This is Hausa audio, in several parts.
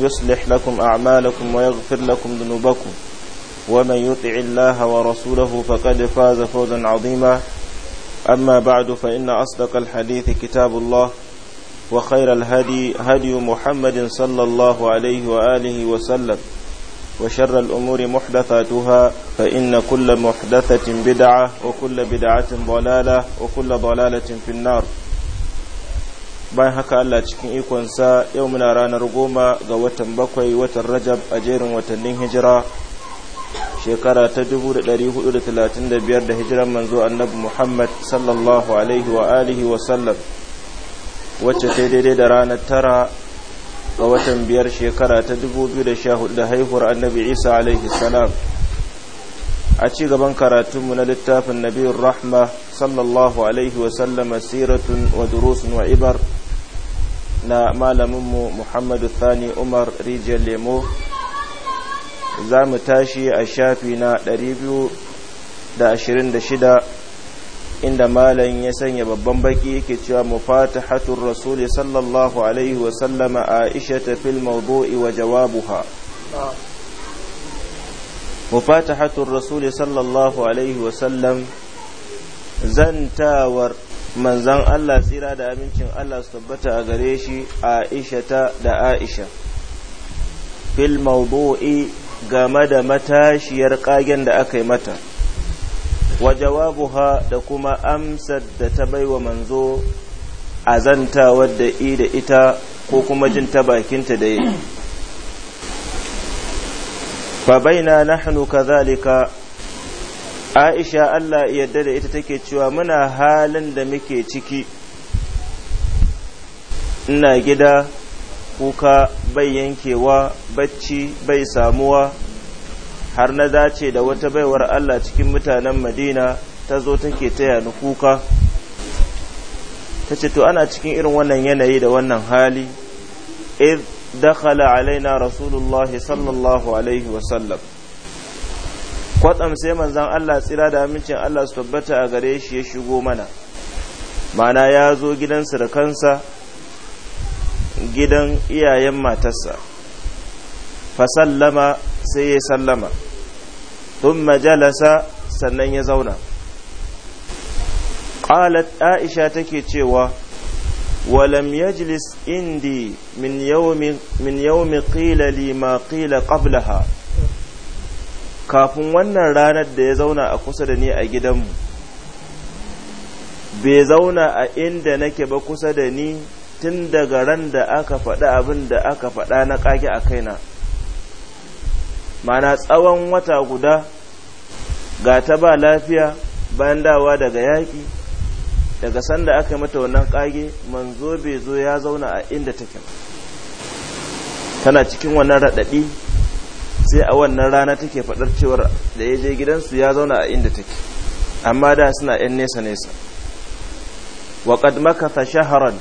يصلح لكم أعمالكم ويغفر لكم ذنوبكم ومن يطع الله ورسوله فقد فاز فوزا عظيما أما بعد فإن أصدق الحديث كتاب الله وخير الهدي هدي محمد صلى الله عليه وآله وسلم وشر الأمور محدثاتها فإن كل محدثة بدعة وكل بدعة ضلالة وكل ضلالة في النار bayan haka Allah cikin ikonsa yau muna ranar goma ga watan bakwai watan rajab a jerin watannin hijira shekara ta 435 da hijiran manzo annabi Muhammad sallallahu alaihi wa alihi wa sallam wacce ta daidai da ranar tara ga watan biyar shekara ta 2014 da haihuwar annabi Isa alaihi salam a ci gaban karatunmu na littafin nabiyar rahma sallallahu alaihi wa sallam siratun wa durusun wa ibar na malaminmu Muhammadu sani Umar Rijiyar Lemo za mu tashi a shafi na 226 inda malam ya sanya babban baki yake cewa mufatahatul rasuli sallallahu alaihi wa a Aisha fil mawdu'i wa jawabuha mufatahatul rasuli sallallahu alaihi wa sallam zantawar manzan Allah tsira da abincin Allah su tabbata a gare shi Aisha ta da Aisha fil mawdu'i game da matashiyar kagen da aka yi mata wa jawabuha da kuma amsar da ta baiwa manzo azantawar da i da ita ko kuma jin ta bakinta da yi fa baina nahnu kadhalika aisha allah yadda da ita take cewa muna halin da muke ciki ina gida kuka bai yankewa bacci bai samuwa har na dace da wata baiwar allah cikin mutanen madina ta zo take taya ni kuka ta ce to ana cikin irin wannan yanayi da wannan hali idh dakhala alaina rasulullahi sallallahu alaihi wasallam kwatsam sai manzan Allah tsira da amincin Allah su tabbata a gare shi ya shigo mana mana ya zo gidan surukansa gidan iyayen matarsa fasallama sai ya sallama tun majalasa sannan ya zauna ƙalat aisha take cewa walam yajlis indi min yawmi min yawmi qila li ma qila kafin wannan ranar da ya zauna a kusa da ni a gidanmu bai zauna a inda nake ba kusa da ni tun daga ran da aka faɗa abin da aka faɗa na ƙage a kaina mana tsawon wata guda ga ta ba lafiya bayan dawa daga yaƙi daga sanda aka mata wannan ƙage manzo bai zo ya zauna a inda take tana cikin wannan raɗaɗi sai a wannan rana take faɗar cewar da ya je gidansu ya zauna a inda take amma da suna 'yan nesa-nesa waƙad makata shahran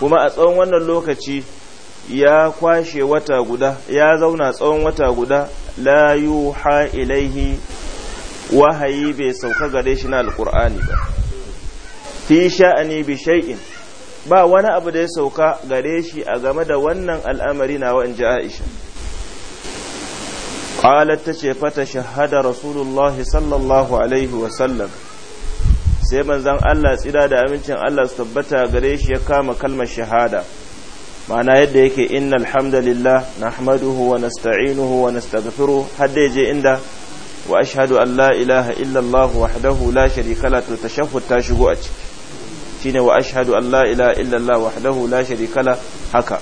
kuma a tsawon wannan lokaci ya kwashe wata guda ya zauna tsawon wata guda la yuha ilaihi wahayi bai sauka gare shi na alƙur'ani ba fi sha'ani bi shay'in ba wani abu da ya sauka gare shi a game da wannan al'amari na wa'in ji aisha qalat tace fata shahada rasulullahi sallallahu alaihi wa sallam sai manzon Allah tsira da amincin Allah su tabbata gare shi ya kama kalmar shahada ma'ana yadda yake innal hamdalillah nahmaduhu wa nasta'inuhu wa nastaghfiruh hadda yaje inda wa ashhadu an la ilaha illa Allah wahdahu la sharika la to tashahhud ta shigo a ciki shine wa ashhadu an la ilaha illa Allah wahdahu la sharika la haka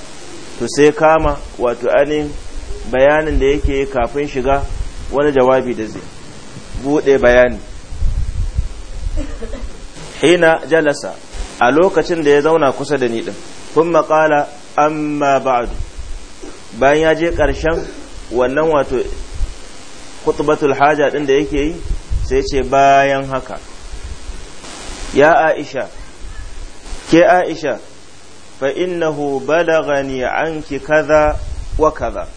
to sai kama wato anin bayanin da yake kafin shiga wani jawabi da zai bude bayani hina jalasa a lokacin da ya zauna kusa da ni din kun maƙala amma ba'adu bayan ya je ƙarshen wannan wato kutubatul haja ɗin da yake yi sai ce bayan haka ya aisha ke aisha fa innahu balagani anki kaza wa kaza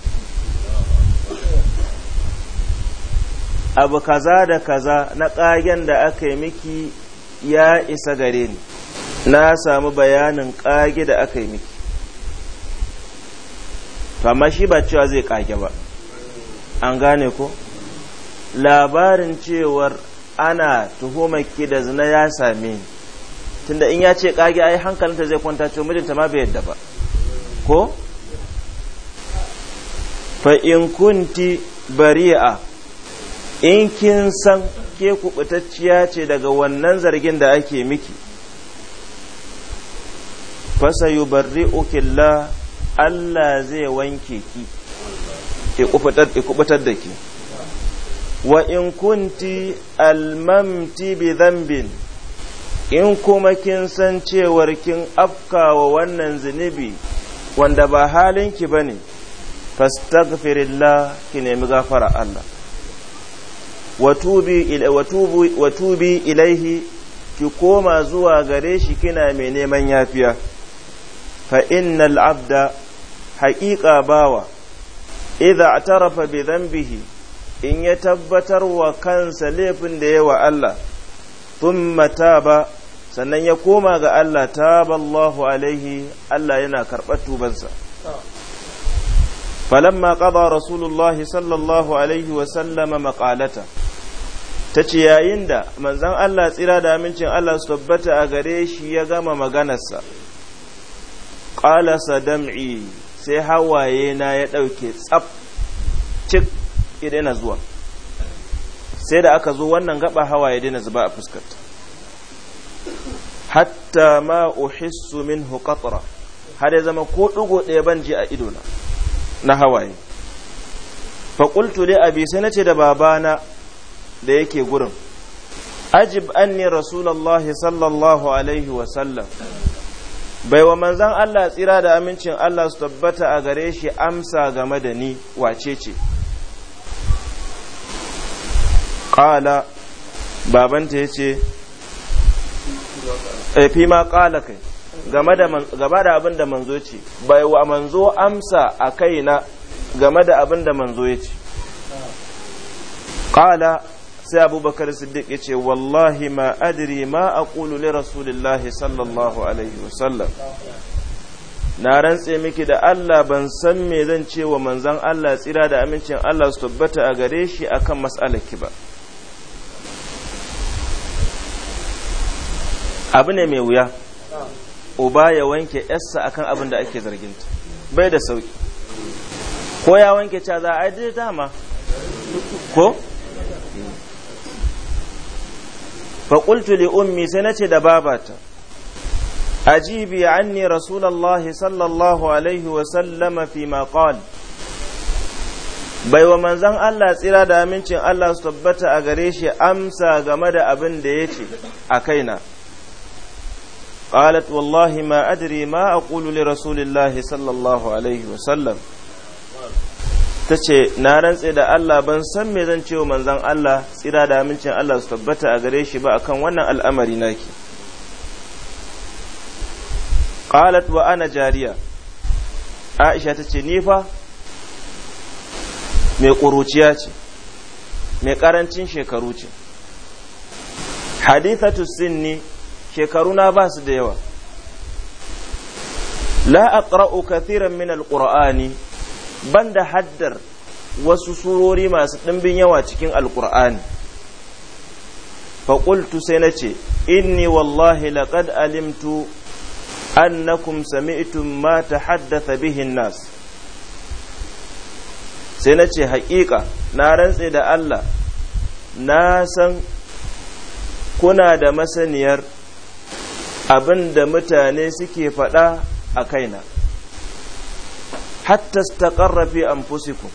abu kaza da kaza na ƙagen da aka yi miki ya isa gare ni na samu bayanin ƙage da aka yi miki to amma shi ba cewa zai ƙage ba an gane ko labarin cewar ana tuhumarki da zina ya same ni tunda in ya ce ƙage ai hankalinta zai kwanta ce mijinta ma bai yadda ba ko fa in kunti bari'a in kin san ke kubutacciya ce daga wannan zargin da ake miki fasa yubarri'ukillah Allah zai wanke ki kubutar da ki wa in kunti almamti bi zambin in kuma kin san cewar kin afka wa wannan zunubi wanda ba halinki ba ne firilla ki nemi gafara Allah wa tubi ilaihi ki koma zuwa gare shi kina mai neman yafiya fa innal abda haƙiƙa bawa idza tarafa bi dhanbihi in ya tabbatar wa kansa laifin da yawa Allah thumma taba sannan ya koma ga Allah allahu alaihi Allah yana karɓar tubansa falamma qada rasulullahi sallallahu alaihi wa sallama maqalata ta ce yayin da manzan Allah tsira da amincin Allah su tabbata a gare shi ya gama maganarsa ƙalasa dam'i sai hawaye na ya ɗauke tsab cik idina zuwa sai da aka zo wannan gaba hawaye dina zuba a fuskarta hatta ma uhissu min hukatura har ya zama ko ɗugo ɗaya ban ji a idona na hawaye faƙultu dai abi sai nace da babana da yake gurin ajib anni rasulallahi sallallahu alaihi wasallam bai wa manzan Allah tsira da amincin Allah su tabbata a gare shi amsa game da ni wace ce ƙala babanta ya ce eh, fi ma ƙala kai game da abin da manzo ce bai wa manzo amsa a na game da abin da manzo ya ce ƙala sai abubakar siddiq ya ce wallahi ma adri ma a li rasulillahi sallallahu alaihi wasallam na rantse miki da Allah ban san me zan ce wa manzon Allah tsira da amincin Allah su tabbata a gare shi akan mas'alarki ba abu ne mai wuya uba ya wanke yarsa akan abin da ake zarginta bai da sauki ko ya wanke ca za a yi dama ko faƙultu li ummi sai na ce da babata ajibi anni rasulallahi sallallahu alaihi wasallama fi maƙal bai wa manzan Allah tsira da amincin Allah su tabbata a gare shi amsa game da abin da ya ce a kaina قالت والله ما ma a أقول لرسول الله صلى الله عليه وسلم ta ce na rantse da Allah ban san me zan cewa manzon Allah tsira da amincin Allah su tabbata a gare shi ba akan wannan al'amari naki qalat wa ana jariya Aisha ta ce ni fa mai ƙuruciya ce mai ƙarancin shekaru ce hadithatu sinni shekaruna ba su da yawa la aqra'u kathiran min al-qur'ani banda haddar wasu surori masu ɗimbin yawa cikin alkur'ani faƙultu sai na ce inni wallahi laqad alimtu annakum sami'tum ma haddasa bihin nas sai na ce haƙiƙa na rantse da Allah na san kuna da masaniyar abin da mutane suke faɗa a kaina hatta istaqarra fi anfusikum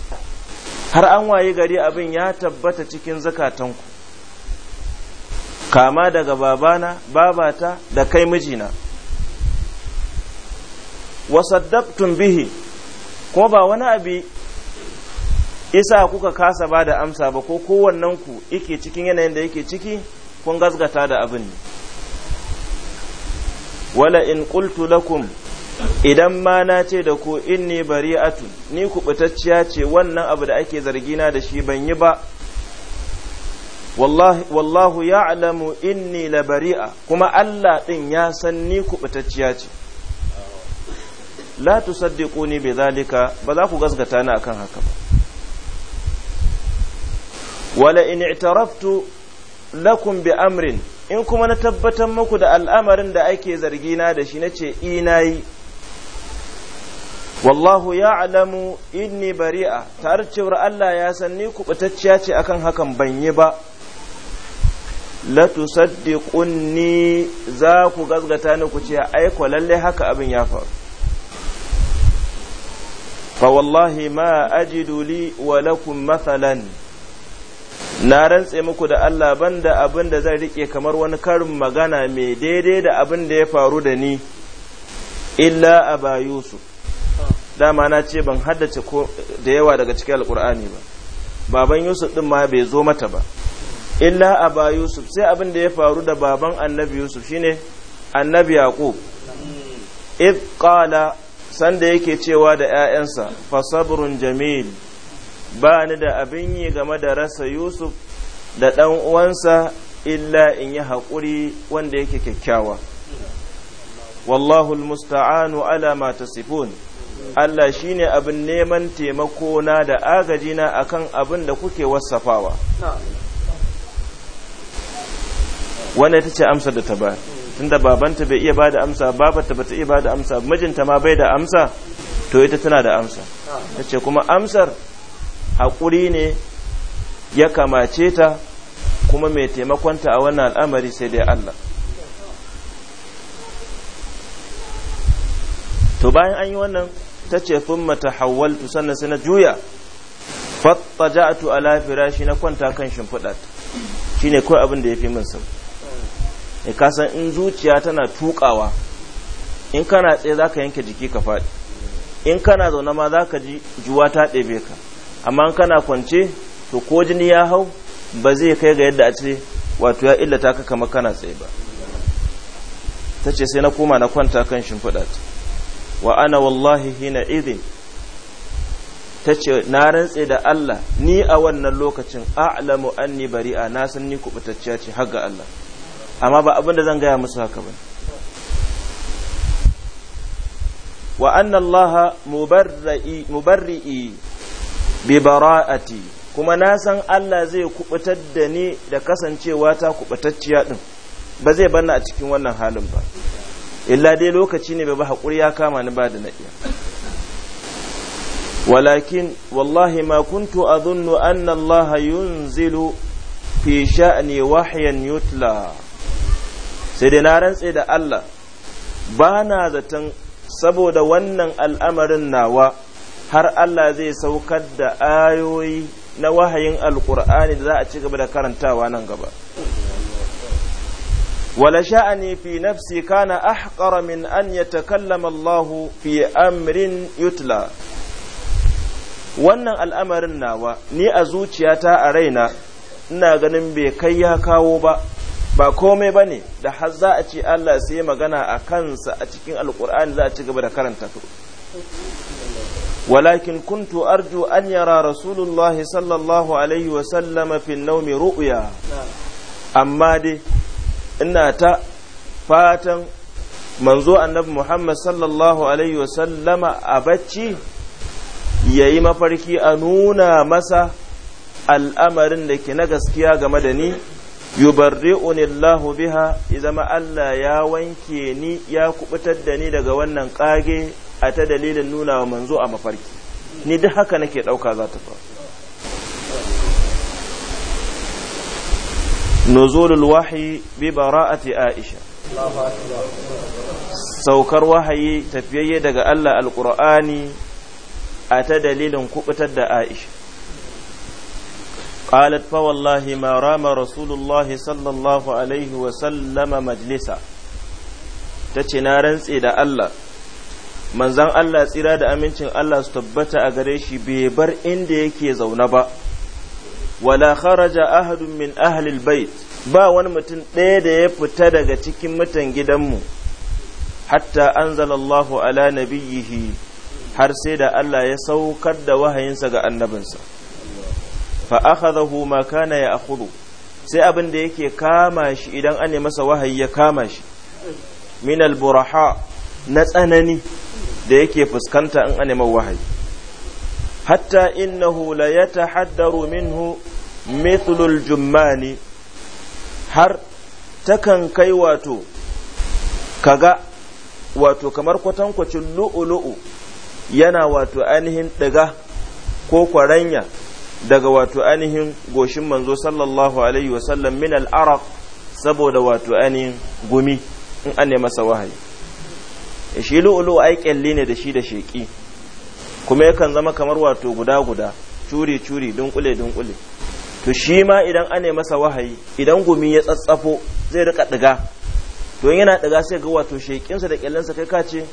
har an waye gari abin ya tabbata cikin zakatanku kama daga babana babata da kai mijina wa saddaqtum bihi ko ba wani abi isa kuka kasa ba da amsa ba ko kowannen ku yake cikin yanayin da yake ciki kun gasgata da abin ne wala in qultu lakum idan ma na ce da ku inni bari'atu ni kubutacciya ce wannan abu da ake zargina da shi ban yi ba wallahu ya'lamu inni la bari'a kuma Allah din ya san ni kubutacciya ce la tusaddiquni bi zalika ba za ku gaskata ni akan haka ba wala in i'taraftu lakum bi amrin in kuma na tabbatar muku da al'amarin da ake zargina da shi nace i nayi wallahu ya alamu inni bari'a tare cewar Allah ya san ni kubutacciya ce akan hakan ban yi ba la tusaddiqunni za ku gazgata ni ku ce ai ko lalle haka abin ya faru fa wallahi ma ajidu li wa lakum mathalan na rantse muku da Allah banda abin da zan rike kamar wani karin magana mai daidai da abin da ya faru da ni illa aba yusuf dama na ce ban haddace ko da yawa daga cikin alkur'ani ba baban yusuf din ma bai zo mata ba illa aba yusuf sai abin da ya faru da baban annabi yusuf shine annabi yaqub id qala sanda yake cewa da ƴaƴansa fa sabrun jamil ba ni da abin yi game da rasa yusuf da dan uwansa illa in yi haƙuri wanda yake kyakkyawa wallahu almusta'anu ala ma tasifun Allah shi ne abin neman taimako na da agajina kan abin da kuke wasafawa Wane ita ce amsa da ta ba tunda babanta bai iya ba da amsa babata ta iya ba da amsa mijinta ma bai da amsa to ita tana da amsa ta ce kuma amsar haƙuri ne ya kamace ta kuma mai taimakonta a wannan al'amari sai dai Allah to bayan an yi wannan ta ce mata tahawwaltu sannan sai na juya a ala firashi na kwanta kan shimfiɗa shine kawai abin da ya fi min sau e kasan in zuciya tana tukawa in kana tsaye zaka yanke jiki ka faɗi in kana zaune ma zaka ji juwa ta ɗebe ka amma in kana kwance to ko jini ya hau ba zai kai ga yadda a ce wato ya illata ka kamar kana tsaye ba ta ce sai na koma na kwanta kan shimfiɗa wa ana wallahi hina idin ta ce na rantse da Allah ni a wannan lokacin a'lamu anni bari'a na san ni kubutacciya ce har ga Allah amma ba abin da zan gaya musu haka ba wa anna Allah mubarri'i bi bara'ati kuma na san Allah zai kubutar da ni da kasancewa ta kubutacciya din ba zai banna a cikin wannan halin ba illa dai lokaci ne ba haƙuri ya kama ni ba da na walakin wallahi ma kuntu adhunnu anna Allah yunzilu fi sha'ni wahyan yutla sai dai na rantse da Allah ba na zaton saboda wannan al'amarin nawa har Allah zai saukar da ayoyi na wahayin alƙur'ani da za a ci gaba da karantawa nan gaba wala sha'ani fi nafsi kana ahqara min an yatakallama Allah fi amrin yutla wannan al'amarin nawa ni a zuciyata a raina ina ganin bai kai ya kawo ba ba komai ba ne da har za a ce Allah sai magana a kansa a cikin alkur'ani za a ci gaba da karanta walakin kuntu arju an yara rasulullah sallallahu alaihi wa sallama fi naumi amma dai ina ta fatan manzo annabi Muhammad sallallahu alaihi wasallama a bacci ya yi mafarki a nuna masa al'amarin da ke na gaskiya game da ni yubarri'unillahu biha izama Allah ya wanke ni ya kubutar da ni daga wannan kage a ta dalilin nuna wa manzo a mafarki ni duk haka nake ɗauka za ta faru nuzulul wahyi bi bara'ati aisha saukar wahayi tafiyayye daga Allah alqur'ani a ta dalilin kubutar da aisha قالت فوالله ما رام رسول الله صلى الله عليه وسلم مجلسا تتي نارن da Allah manzon Allah tsira da amincin Allah su tabbata a gare shi bai bar inda yake zaune ba wala kharaja ahadun min ahlil bait ba wani mutum ɗaya da ya fita daga cikin mutan gidanmu hatta anzalallahu ala nabiyyihi har sai da Allah ya saukar da wahayinsa ga annabinsa fa akhadahu ma kana ya akhudhu sai abin da yake kama shi idan an masa wahayi ya kama shi min al na tsanani da yake fuskanta in an wahayi hatta innahu la yatahaddaru minhu mithlul ne har takan kai wato kaga wato kamar kwatankwacin lu'ulu'u yana wato ainihin ɗiga ko kwaranya daga wato ainihin goshin manzo sallallahu alaihi wasallam min al'araq saboda wato ainihin gumi in an masa wahayi shi lu'u lu'ulu'u ai kyalli ne da shi da sheƙi kuma yakan zama kamar wato guda guda curi curi dunkule dunkule to shi ma idan ane masa wahayi idan gumi ya tsatsafo zai rika diga to yana diga sai ga wato shekinsa da kyallensa kai kace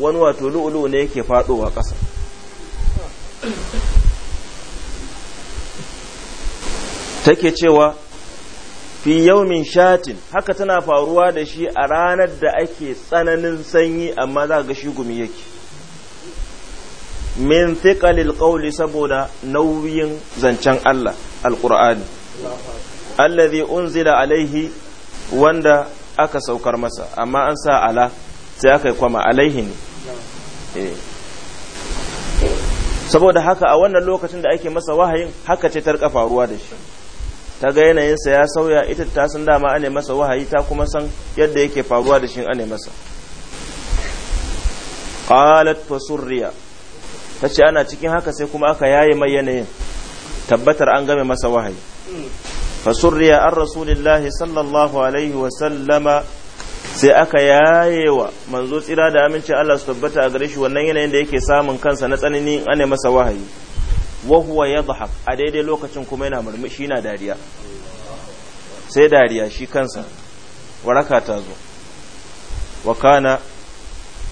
wani wato lu'ulu ne yake fadowa ƙasa take cewa fi yaumin shatin haka tana faruwa da shi a ranar da ake tsananin sanyi amma za ga shi gumi yake min thiqalil qawli saboda nauyin zancen Allah alqur'ani alladhi unzila alaihi wanda aka saukar masa amma an sa ala sai aka yi kwama alaihi ne eh. saboda haka a wannan lokacin da ake masa wahayin haka ce tarka faruwa da shi ta ga yanayinsa ya sauya ita ta san dama ane masa wahayi ta kuma san yadda yake faruwa da shi ane masa qalat fasurriya ta ce ana cikin haka sai kuma aka yaye mai yanayin tabbatar an game masa wahayi fasurriya an rasulillahi sallallahu alaihi wasallama sai aka yaye wa manzo tsira da aminci Allah su tabbata a gare shi wannan yanayin da yake samun kansa na tsanani ana masa wahayi wa huwa a daidai lokacin kuma yana murmushi na dariya sai dariya shi kansa waraka ta zo wa kana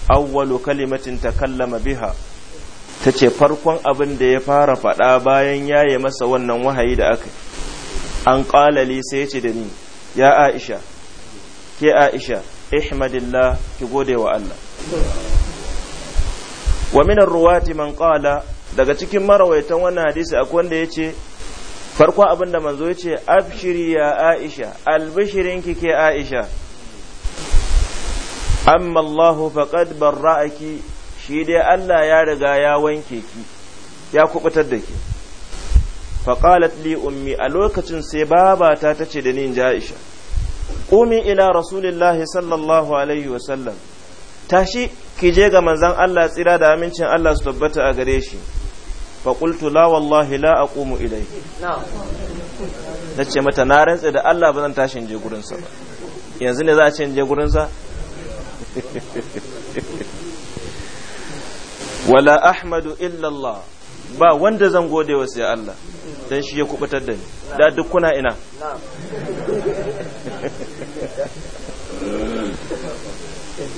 awwalu kalimatin takallama biha ta ce farkon abin da ya fara faɗa bayan ya yaye masa wannan wahayi da aka an ƙalali sai ya ce da ni ya aisha ke aisha ihmadillah ki gode wa Allah wa minar ruwati man qala daga cikin marawaitan wannan hadisi akwai wanda ya ce farkon abin da manzo ya ce abshiri ya aisha ki ke aisha amma Allah faqad barra'aki shi dai Allah ya riga ya wanke ki ya kubutar da ki qalat li ummi a lokacin sai babata ta ce da ni Aisha qumi ila rasulillahi sallallahu alaihi wa sallam tashi ki je ga manzon Allah tsira da amincin Allah su tabbata a gare shi faƙultu la wallahi la aqumu ilai na ce mata na rantse da Allah ba zan tashin je gurinsa ba yanzu ne za a ce je gurinsa wala ahmadu illallah ba wanda zan gode wa sai Allah dan shi ya kubutar da ni da duk ina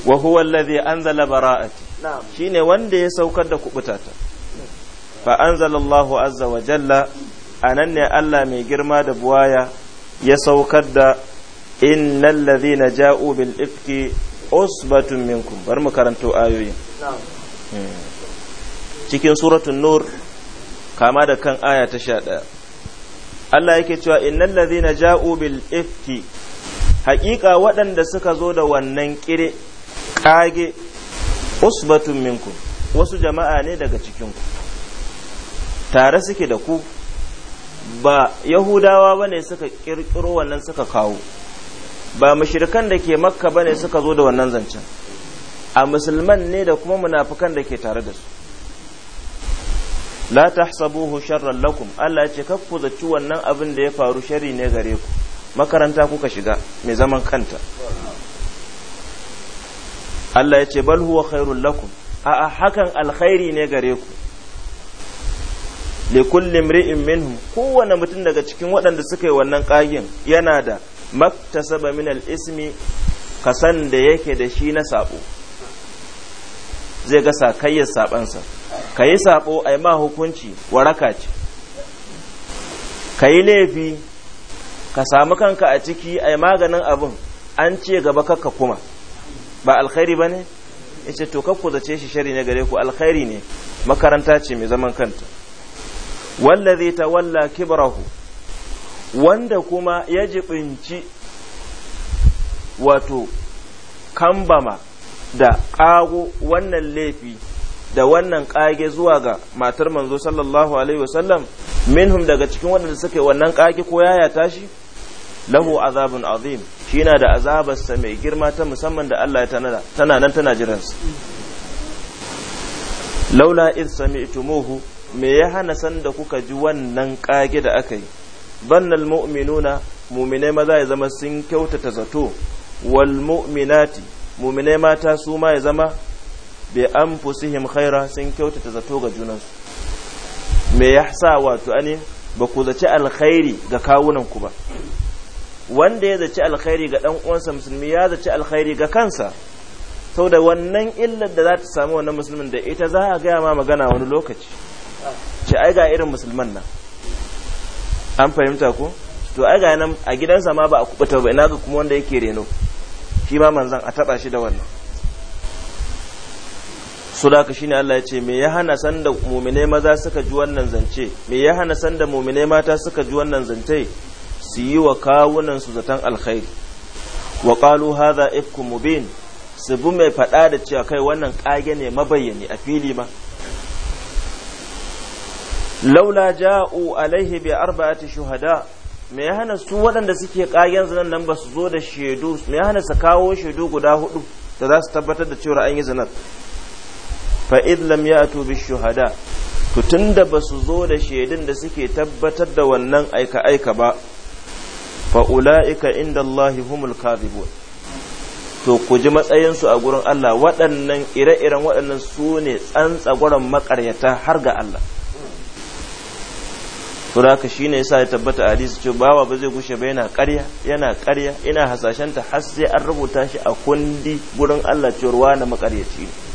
wa huwa alladhi anzala bara'ati shine wanda ya saukar da kubutata fa anzalallahu azza wa jalla anan ne Allah mai girma da buwaya ya saukar da innal ladhina ja'u bil ifki usbatun minkum bar mu karanto ayoyin na'am hmm. cikin suratun nur kama da kan aya ta sha ɗaya Allah yake cewa innal na ja'u bil ifki haƙiƙa waɗanda suka zo da wannan ƙire ƙage usbatun minku wasu jama'a ne daga cikinku tare suke da ku ba yahudawa ba ne suka ƙirƙiro wannan suka kawo ba mashirkan da ke makka ba ne suka zo da wannan zancen a musulman ne da kuma munafukan da ke tare da su la tahsabuhu sharran lakum Allah ya ce ku zaci wannan abin da ya faru shari ne gare ku makaranta kuka shiga mai zaman kanta Allah ya ce bal huwa khairul lakum a hakan alkhairi ne gare ku li kulli imri'in minhum kowane mutum daga cikin waɗanda suka yi wannan ƙagen yana da maktasaba min al-ismi kasan da yake da shi na sabo zai ga sakayyar sabansa ka yi saɓo a yi ma hukunci waraka ce ka yi laifi ka samu kanka a ciki a yi maganin abin an ce gaba kakka kuma ba alkhairi ba ne ce to kakku zace shi shari ne gare ku alkhairi ne makaranta ce mai zaman kanta zai ta walla kibarahu wanda kuma ya jibinci wato kambama da ƙago wannan laifi da wannan ƙage zuwa ga matar manzo sallallahu alaihi wasallam minhum daga cikin waɗanda suka yi wannan kage ko yaya tashi lahu azabun azim shi na da azabarsa mai girma ta musamman da Allah ya tanada tana nan tana jiransa laula in sami'tumuhu me ya hana san da kuka ji wannan ƙage da aka yi bannal mu'minuna mu'minai maza ya zama sun kyautata zato wal mu'minati mu'minai mata su ma ya zama bi anfusihim khaira sun kyautata zato ga junansu me ya sa wato ani ba ku zaci alkhairi ga kawunanku ba wanda ya zaci alkhairi ga dan uwansa musulmi ya zaci alkhairi ga kansa sau da wannan illar da za ta samu wannan musulmin da ita za a gaya ma magana wani lokaci ce ai ga irin musulman nan an fahimta ko to ai ga nan a gidansa ma ba a kubuta ba ina ga kuma wanda yake reno shi ma manzan a taba shi da wannan su da shine Allah ya ce me ya hana sanda mumine maza suka ji wannan zance me ya hana sanda mumine mata suka ji wannan zance su yi wa kawunan su zaton alkhairi wa qalu hadha ifkum mubin su bi mai fada da cewa kai wannan kage ne mabayyani a fili ma laula ja'u alaihi bi arba'ati shuhada me ya hana su waɗanda suke kagen zanen nan ba su zo da shaidu me ya hana su kawo shaidu guda hudu da za su tabbatar da cewa an yi zanen fa lam ya'tu bishuhada to tunda basu zo da shaidun da suke tabbatar da wannan aika aika ba fa ulaika inda Allahi humul to ku ji matsayin su a gurin Allah waɗannan ire-iren waɗannan su ne tsantsa gurin makaryata har ga Allah to da haka shine yasa ya tabbata a hadisi ce bawa ba zai gushe ba yana ƙarya yana ƙarya ina hasashen ta har sai an rubuta shi a kundi gurin Allah cewa na makaryaci ne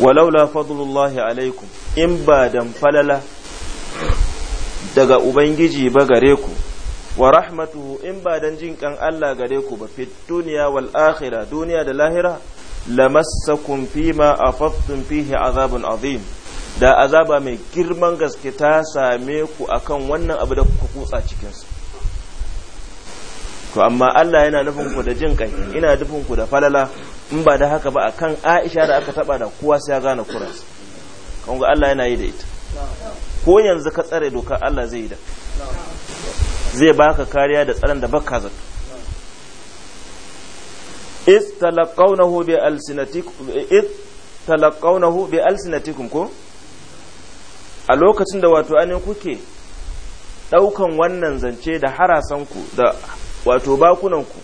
walaula fadlullahi alaikum in ba dan falala daga ubangiji ba gare ku wa rahmatu in ba dan jin kan Allah gare ku ba fit duniya wal akhirah duniya da lahira lamassakum fima afaftum fihi azabun azim da azaba mai girman gaske ta same ku akan wannan abu da kuka kutsa cikin su to amma Allah yana nufin ku da jin kai ina nufin ku da falala in ba da haka ba a kan Aisha da aka taba da kowa sai ya gane kuransa kan ga Allah yana yi da ita ko yanzu ka tsare doka Allah zai yi da zai baka kariya da tsaron da baka zato is bi alsinatikum is talaqawnahu bi alsinatikum ko a lokacin da wato anin kuke daukan wannan zance da harasanku da wato bakunanku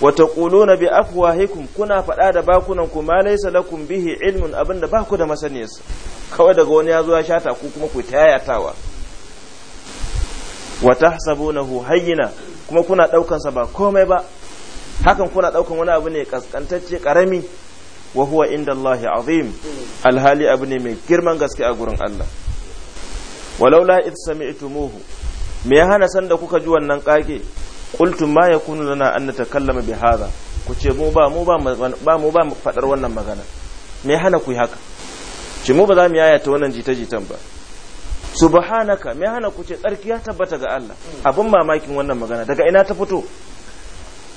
Wata taquluna bi afwahikum kuna faɗa da bakunan ku laisa laysa lakum bihi ilmin abinda ba ku da masaniyarsa kawai daga wani ya zo ya shata ku kuma ku ta wata wa tahsabunahu hayyina kuma kuna ɗaukansa ba komai ba hakan kuna ɗaukan wani abu ne ƙasƙantacce ƙarami. wa huwa inda Allah azim alhali abu ne mai girman gaske a gurin Allah walaula id sami'tumuhu me ya hana sanda kuka ji wannan ƙage? qultum ma yakunu lana an natakallama bi hadha ku ce mu ba mu ba mu ba fadar wannan magana me hana ku yi haka ce mu ba za mu yayata wannan jita-jitan ba subhanaka me hana ku ce tsarki ya tabbata ga Allah abun mamakin wannan magana daga ina ta fito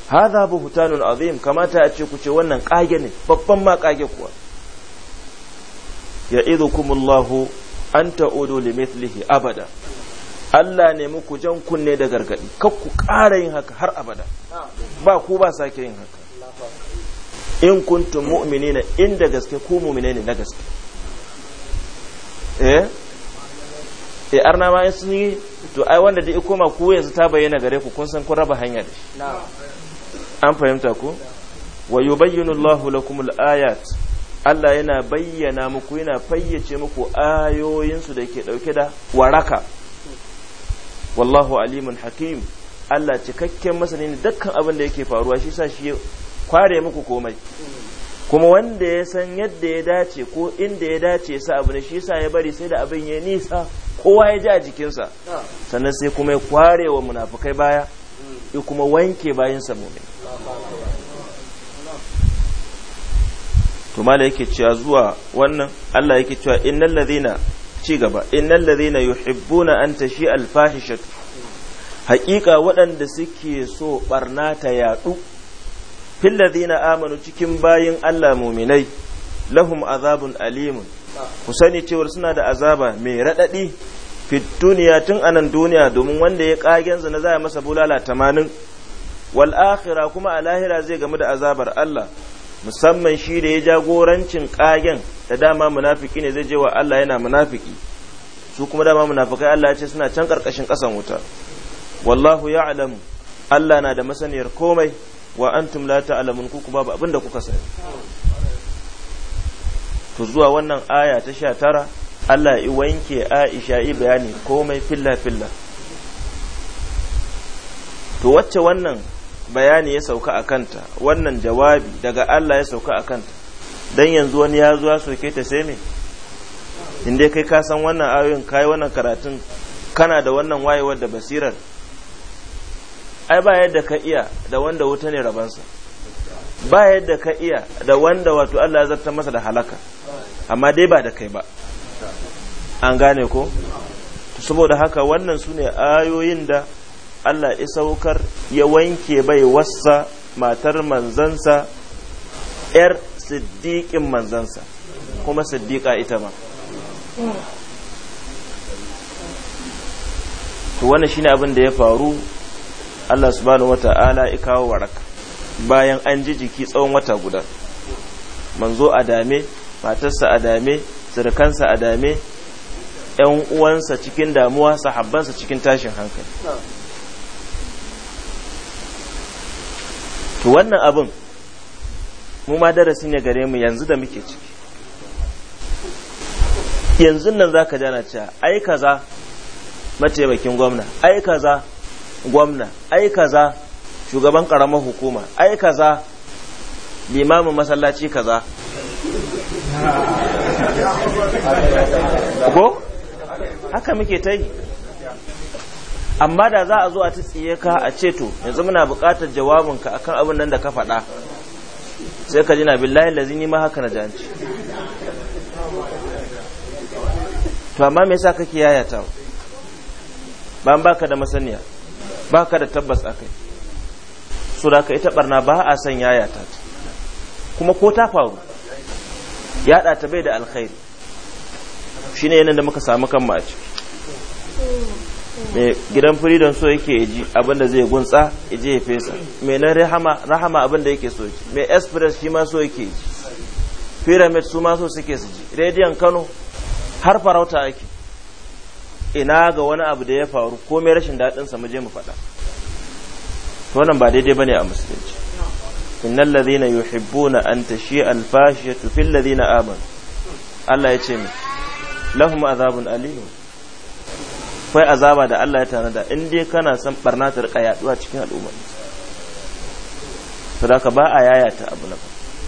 hadha buhtanun azim kamata a ce ku ce wannan kage ne babban ma kage kuwa ya'idukumullahu an ta'udu limithlihi abada Allah ne muku jan kunne da gargadi kar ku ƙara yin haka har abada ba ku ba sake yin haka in kuntum mu'minina inda gaske ku mu'mine ne na gaske eh eh arna ma in sun yi to ai wanda da koma ku yanzu ta bayyana gare ku kun san kun raba hanya da an fahimta ku wa yubayyinu Allahu lakum al-ayat Allah yana bayyana muku yana fayyace muku ayoyinsu da ke dauke da waraka wallahu alimun hakim Allah cikakken masani ne dukkan abin da yake faruwa shi sa shi kware muku komai kuma wanda ya san yadda ya dace ko inda ya dace sa abu ne shi sa ya bari sai da abin ya nisa kowa ya ji a jikinsa sannan sai kuma ya kware wa munafukai baya ya kuma wanke bayan sa mumin to mala yake cewa zuwa wannan Allah yake cewa innal ladina ci gaba innal ladhina yuhibbuna an tashi al fahishatu haqiqa waɗanda suke so barna ta yadu fil ladhina amanu cikin bayin Allah mu'minai lahum azabun alimun ku sani cewa suna da azaba mai radadi fit duniya tun anan duniya domin wanda ya kagen zina za masa bulala 80 wal akhirah kuma a lahira zai gamu da azabar Allah musamman shi da ya jagorancin kagen da dama munafiki ne zai je wa Allah yana munafiki su kuma dama munafikai Allah ya ce suna can karkashin kasan wuta wallahu ya'lamu Allah na da masaniyar komai wa antum la ta'lamun ku kuma babu abin kuka sani to zuwa wannan aya ta sha tara Allah ya wanke Aisha yi bayani komai filla filla to wacce wannan bayani ya sauka a kanta wannan jawabi daga Allah ya sauka a kanta dan yanzu wani ya zuwa soke ta sai me inda dai kai ka san wannan ayoyin kai wannan karatun kana da wannan wayewar da basirar ai ba yadda ka iya da wanda wuta ne rabansa ba yadda ka iya da wanda wato Allah ya zarta masa da halaka amma dai ba da kai ba an gane ko saboda haka wannan su ne ayoyin da Allah isaukar ya wanke bai wassa matar manzansa ‘yar siddiƙin manzansa kuma siddiƙa ita ma to shi shine abin da ya faru Allah subhanahu wata'ala ya kawo waraka bayan an ji jiki tsawon wata guda manzo a dame matarsa a dame sirkansa a dame ‘yan uwansa cikin damuwa sahabbansa cikin tashin hankali to wannan abin mu ma darasi ne gare mu yanzu da muke ciki yanzu nan za ka jana cewa ai kaza mataimakin gwamna ai kaza gwamna ai kaza shugaban karamar hukuma ai kaza limamin masallaci kaza ko haka muke ta yi amma da za a zo a tsiye ka a ce to yanzu muna buƙatar jawabinka akan abin nan da ka faɗa sai ka jina billahi lazi ni ma haka na janci to amma me yasa kake yayata ba? baka da masaniya baka da tabbas akai so da ka ita barna ba a san yayata ta kuma ko ta faru yaɗa ta bai da alkhairi shine yanayin da muka samu kanmu a ciki mai gidan freedom so yake ji abinda zai gunsa ije ya fesa mai na rahama abinda yake so ji mai express shi ma so yake ji pyramid su ma so suke su ji rediyon kano har farauta ake ina ga wani abu da ya faru ko mai rashin daɗin sa muje mu faɗa wannan ba daidai ne a musulunci innal ladhina yuhibbuna an tashi al fashe fil ladhina amanu Allah ya ce mu lahum azabun alim akwai azaba da Allah ya tanada in dai kana son barna ta rika yaduwa cikin al'umma ka ba a yayata abu na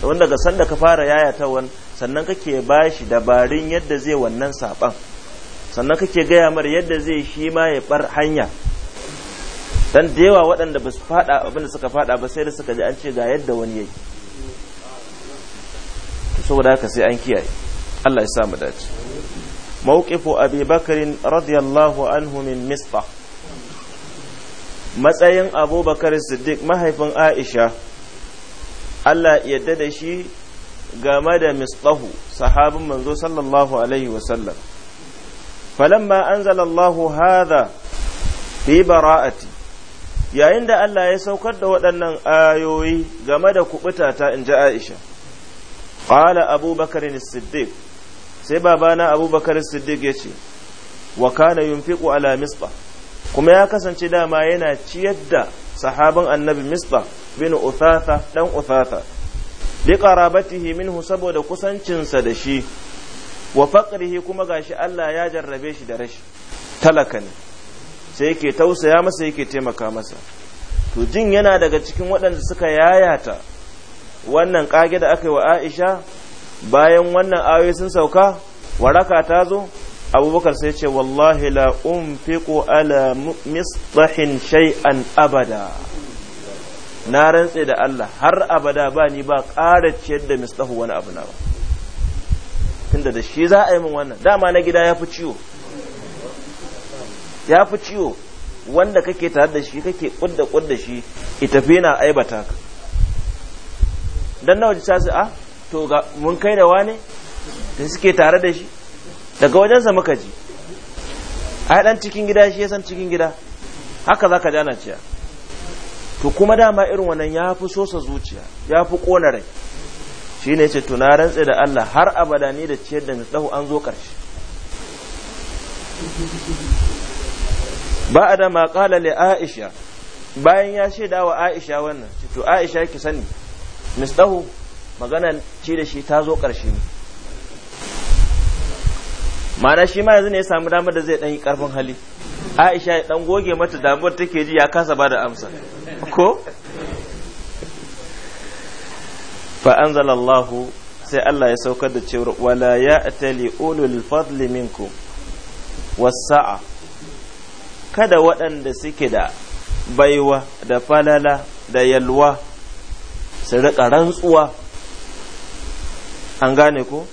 wanda ga sanda ka fara yayata wani sannan kake shi dabarun yadda zai wannan saban sannan kake gaya mar yadda zai shi ma ya bar hanya dan da yawa waɗanda ba su faɗa abinda suka faɗa ba sai da suka ji an ce ga yadda wani yake to saboda haka sai an kiyaye Allah ya sa mu dace موقف أبي بكر رضي الله عنه من مصطح matsayin abubakar siddiq mahaifin aisha allah yadda da shi game da mislahu sahabin manzo sallallahu alaihi wasallam falamma anzalallahu hadha fi bara'ati yayin da allah ya saukar da waɗannan ayoyi game da kuɓutata in ji aisha ƙala abubakar siddiq sai babana abubakar siddiq ya ce wa kana yunfiqu ala misba kuma ya kasance dama yana ciyar da sahabin annabi misba bin uthatha dan uthatha bi qarabatihi minhu saboda kusancinsa da shi wa faqrihi kuma shi Allah ya jarrabe shi da rashi talaka ne sai yake tausaya masa yake taimaka masa to jin yana daga cikin waɗanda suka yayata wannan kage da aka yi wa Aisha bayan wannan ayoyi sun sauka waraka ta zo abubakar sai ce wallahi la unfiqu ala mistahin shay'an abada na rantse da Allah har abada ba ni ba ƙara ciyar da mistahu wani abu na ba tunda da shi za a yi min wannan dama na gida ya fi ciwo ya fi ciwo wanda kake tare da shi kake kudda kudda shi ita fi na aibata ka dan nawa ji sai a ah, to ga mun kai da wane da suke tare da shi daga wajensa muka ji ai dan cikin gida shi ya san cikin gida haka zaka ji ana ciya to kuma dama irin wannan ya fi sosa zuciya ya fi ƙona rai shi ne ce tuna rantse da Allah har abada ne da ciyar da dahu an zo ƙarshe ba a da maƙala le aisha bayan ya shaida wa aisha wannan to aisha ki sani misdahu magana ci da shi ta zo ƙarshe ne ma'ana shi ma yanzu ne ya samu damar da zai ɗan yi ƙarfin hali aisha ya ɗan goge mata damar take ji ya kasa ba da amsa ko fa anzalallahu sai Allah ya saukar da cewar wala ya atali ulul fadli minkum wasa'a kada waɗanda suke da baiwa da falala da yalwa su riƙa rantsuwa an gane ko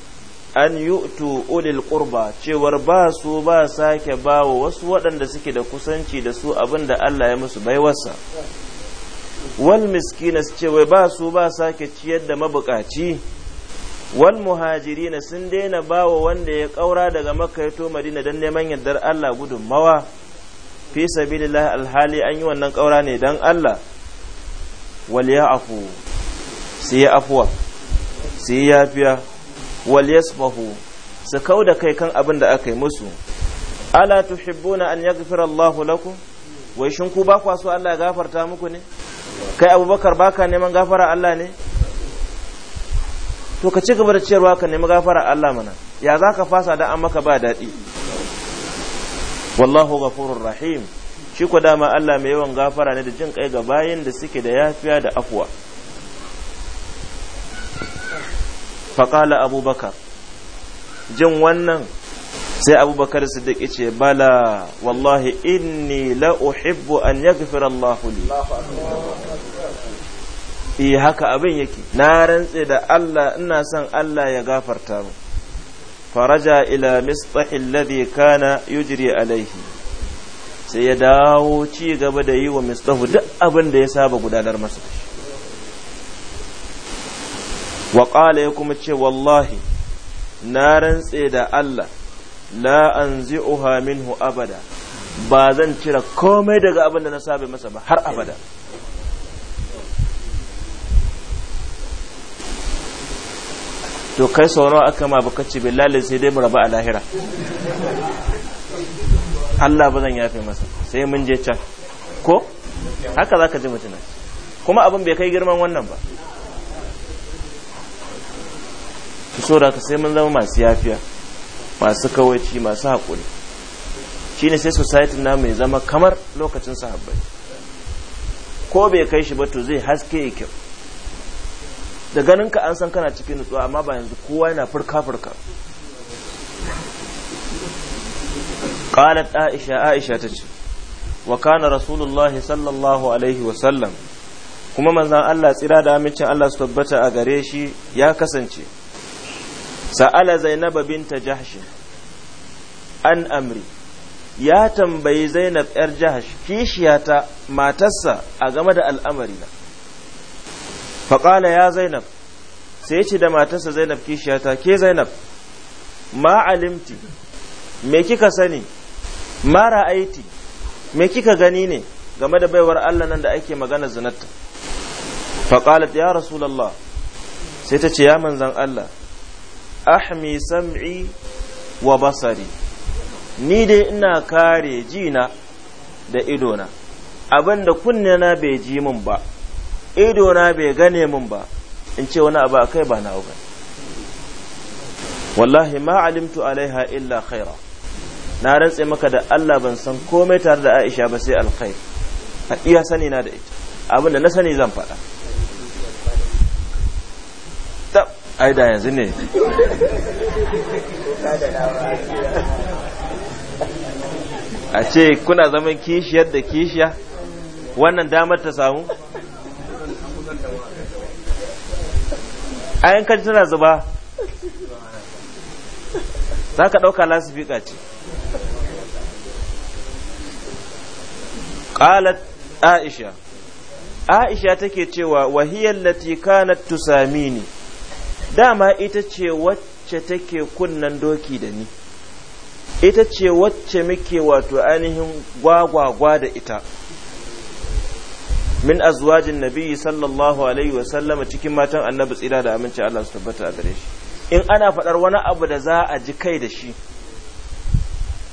an yu'tu ulil qurba cewar ba su ba sake bawa wasu waɗanda suke da kusanci da su abin da Allah ya musu baiwarsa wal miskina su ce wai ba su ba sake ciyar da mabukaci wal muhajirina sun daina bawa wanda ya kaura daga makka ya to madina don neman yardar Allah gudunmawa fi sabilillah alhali an yi wannan kaura ne don Allah wal ya'fu sai ya afwa su yi yafiya wal yasfahu su kau da kai kan abin da aka yi musu ala tuhibbuna an yaghfira Allahu lakum wai shin ku ba kwa so Allah ya gafarta muku ne kai Abubakar baka neman gafara Allah ne to ka ci gaba da cewa ka nemi gafara Allah mana ya za ka fasa da an maka ba daɗi wallahu ghafurur rahim shi ko dama Allah mai yawan gafara ne da jin kai ga bayin da suke da yafiya da afwa faƙala abubakar jin wannan sai abubakar siddiq ce bala wallahi inni la uhibbu an yaghfir Allah li iya eh, haka abin yake na rantse da Allah ina son Allah ya gafarta mu faraja ila mistah alladhi kana yujri alaihi sai ya dawo ci gaba da yi wa mistahu duk abin da ya saba gudanar masa wa ya kuma ce wallahi na rantse da Allah la anzi'uha minhu abada ba zan cire komai daga abin da na sabe masa ba har abada to kai sauran aka ma baka ce billahi sai dai mu raba a lahira Allah ba zan yafe masa sai mun je can ko haka zaka ji mutuna kuma abin bai kai girman wannan ba so ka sai mun zama masu yafiya masu kawaici masu haƙuri shine sai society na mai zama kamar lokacin sahabbai ko bai kai shi ba to zai haske ya kyau da ganin ka an san kana cikin nutsuwa amma ba yanzu kowa yana furka furka qalat aisha aisha tace wa kana rasulullah sallallahu alaihi wa sallam kuma manzon Allah tsira da amincin Allah su tabbata a gare shi ya kasance sa'ala zainaba binta Jahashin, an amri ya tambayi zainab yar jahash kishiyata matarsa a game da al'amari na. faƙala ya zainab sai ce da matarsa zainab kishiyata ke zainab ma alimti me kika sani Mara aiti, me kika gani ne game da baiwar allah nan da ake magana zinatta faƙalat ya rasulallah sai ta ce ya manzan allah ahmi sam'i wa basari ni dai ina kare jina da idona abin da kunnena bai ji min ba idona bai gane min ba in ce wani abu akai ba na ba wallahi ma alimtu alaiha illa khaira na rantse maka da Allah ban san komai tare da Aisha ba sai alkhair a iya sani na da ita abin na sani zan faɗa Aida yanzu ne a ce kuna zaman kishiyar da kishiya wannan damar ta samu a kan tana zuba za ka ɗauka fi ce ƙalat aisha aisha take cewa wahiyar lati kanat tusamini dama ita ce wacce take kunnan doki da ni ita ce wacce muke wato ainihin gwagwagwa da ita min azwajin nabi sallallahu alaihi wa sallama cikin matan annabi tsira da aminci Allah su tabbata a gare shi in ana faɗar wani abu da za a ji kai da shi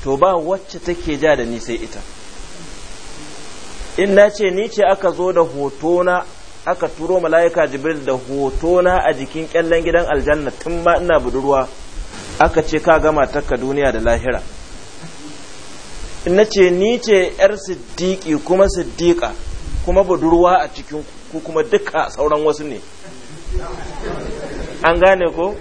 to ba wacce take ja da ni sai ita in na ce ni ce aka zo da hotona aka turo mala'ika jibril da hoto na a jikin kyallen gidan aljanna tun ba ina budurwa aka ce ka gama takka duniya da lahira ina ce ni ce yar Siddiki kuma siddiƙa kuma budurwa a cikin ku kuma duka sauran wasu ne an gane ko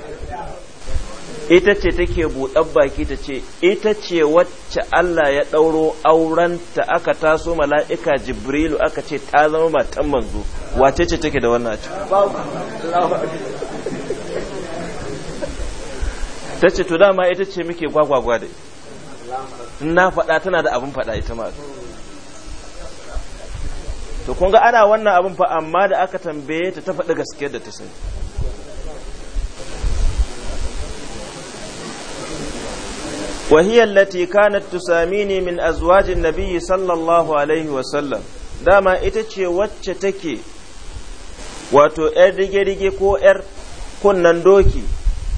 ita ce take buɗar baki ta ce ita ce wacce Allah ya ɗauro aurenta aka taso mala'ika jibrilu aka ce ta zama matan manzo wace ce take da wannan ta ce to dama ita ce muke gwagwagwa da na faɗa tana da abin faɗa ita ma to kun ga ana wannan abin fa amma da aka tambaye ta ta faɗi gaskiyar da ta sani وهي التي كانت تساميني من أزواج النبي صلى الله عليه وسلم داما إتشي واتشتكي wato ‘yar rige-rige ko ‘yar kunnan doki,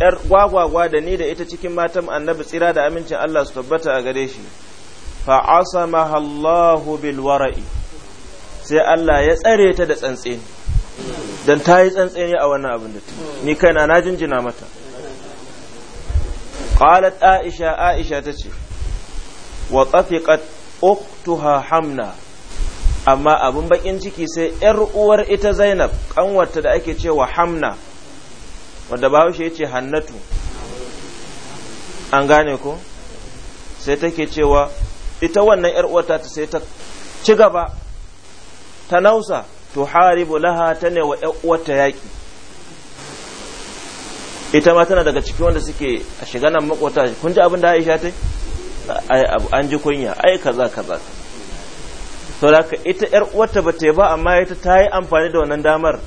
‘yar gwagwagwa da ni da ita cikin matan annabi tsira da amincin Allah su tabbata a gare shi, fa'asamaha Allahu bil wara'i, sai Allah ya tsare ta da tsantseni, don ta yi tsantseni a wannan abin da ta, ni kaina na jinjina mata. qalat aisha aisha tace wa tafiqat ukhtuha hamna amma abin baƙin ciki sai ‘yar uwar ita zainab ƙanwarta da ake cewa hamna wadda bahaushe ya ce hannatu an gane ko sai take cewa ita wannan ‘yar ta sai ta ci gaba ta nausa to haribu ta ne wa ‘yar yaƙi ita ma tana daga cikin wanda suke a shiga nan makwata kun ji abin da Aisha ta an ji kunya ai kaza kaza to haka ita yar uwarta ba ta ba amma ita ta yi amfani da wannan damar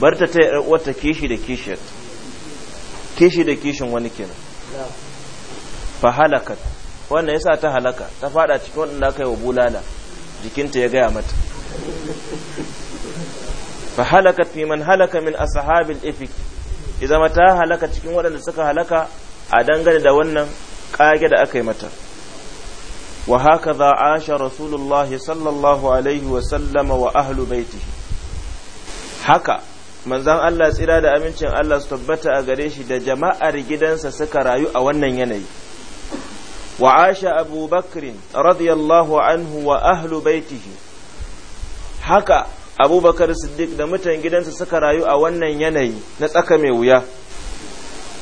bar ta ta yar uwarta kishi da kishin kishi da kishin wani kenan fa halakat wannan yasa ta halaka ta fada cikin wanda aka yi wa bulala jikinta ya gaya mata fa halakat fi man halaka min ashabil ifki ya zama ta halaka cikin waɗanda suka halaka a dangane da wannan ƙage da aka yi mata wa haka za a sha rasulullah sallallahu alaihi wa sallama wa ahlu baiti haka manzan Allah tsira da amincin Allah su tabbata a gare shi da jama'ar gidansa suka rayu a wannan yanayi wa asha abu radiyallahu anhu wa ahlu baitihi haka abubakar siddiq da mutan gidansa suka rayu a wannan yanayi na tsaka mai wuya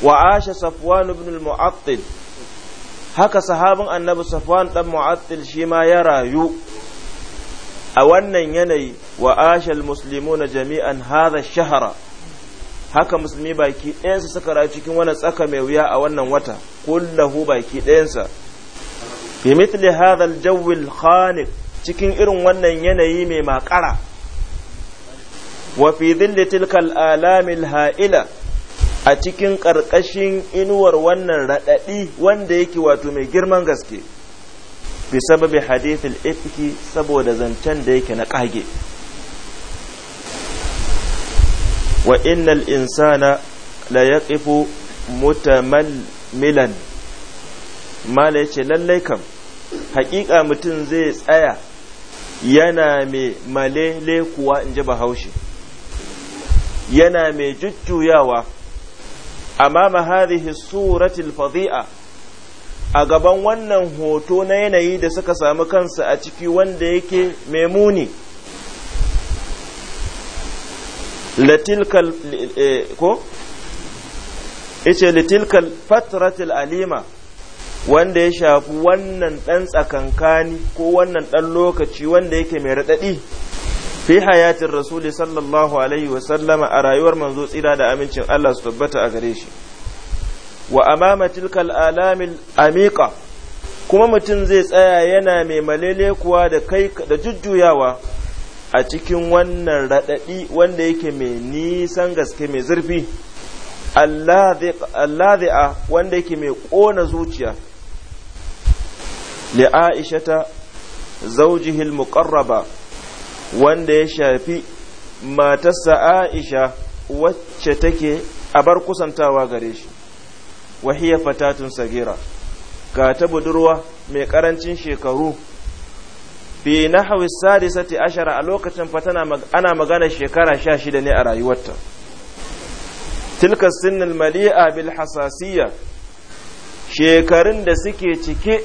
wa asha safwan ibn al-mu'attil haka sahabin annabi safwan dan mu'attil shi ma ya rayu a wannan yanayi wa asha al-muslimuna jami'an hadha shahara haka musulmi baki ɗayansa suka rayu cikin wani tsaka mai wuya a wannan wata kullahu baki ɗayansa bi mithli hadha al khaniq cikin irin wannan yanayi mai makara wa fi dhilli tilkal alamil ha'ila a cikin ƙarƙashin inuwar wannan raɗaɗi wanda yake wato mai girman gaske bi sababi hadithul ifki saboda zancen da yake na kage. wa innal insana la yaqifu mutamalmilan yace lallai kam haƙiƙa mutum zai tsaya yana mai malele kuwa in ji bahaushe yana mai jujjuyawa amma ma hadhihi suratil fadhi'a a gaban wannan hoto na yanayi da suka samu kansa a ciki wanda yake mai muni eh, ko yace litilkal fatratul alima wanda ya shafi wannan ɗan tsakankani ko wannan ɗan lokaci wanda yake mai raɗaɗi fi hayatin rasuli sallallahu alaihi wasallama a rayuwar manzo tsira da amincin Allah su tabbata a gare shi wa amama tilkal alamil amika kuma mutum zai tsaya yana mai malele kuwa da kai da jujjuyawa a cikin wannan raɗaɗi wanda yake mai nisan gaske mai zurfi allazi'a wanda yake mai ƙona zuciya li aishata zaujihil muqarraba wanda ya shafi matarsa aisha wacce take a bar kusantawa gare shi wahiya fatatun sagira ga ta budurwa mai karancin shekaru bi na sadisati ashara a lokacin fatana ana magana shekara sha shida ne a rayuwarta tilka sinin mali'a bil hasasiyya shekarun da suke cike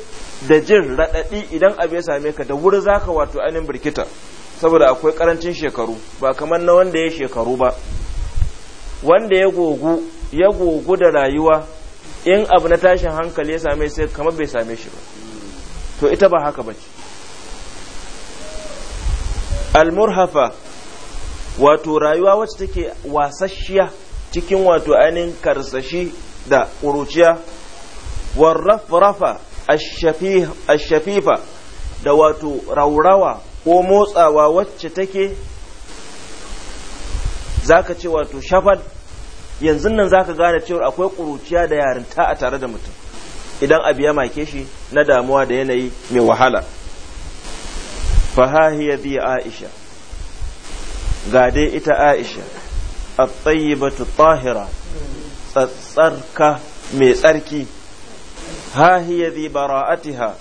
da jin raɗaɗi idan abu ya same ka da wuri zaka wato ainihin birkita saboda akwai karancin shekaru ba kamar na wanda ya shekaru ba wanda ya gogu ya gogu da rayuwa in abu na tashin hankali ya same sai kamar bai same shi ba to ita ba haka ba ce almurhafa wato rayuwa wacce take wasasshiya cikin wato ainihin karsashi da ƙuruciya warrafrafa ashafifa da wato raurawa ko motsawa wacce take zaka ce wato shafal yanzu nan zaka gane cewa akwai ƙuruciya da yarinta a tare da mutum idan abu ya make shi na damuwa da yanayi mai wahala fahahiya bi aisha gade ita aisha a ɗahira tahira tsatsarka mai tsarki hahiya bi bara'atiha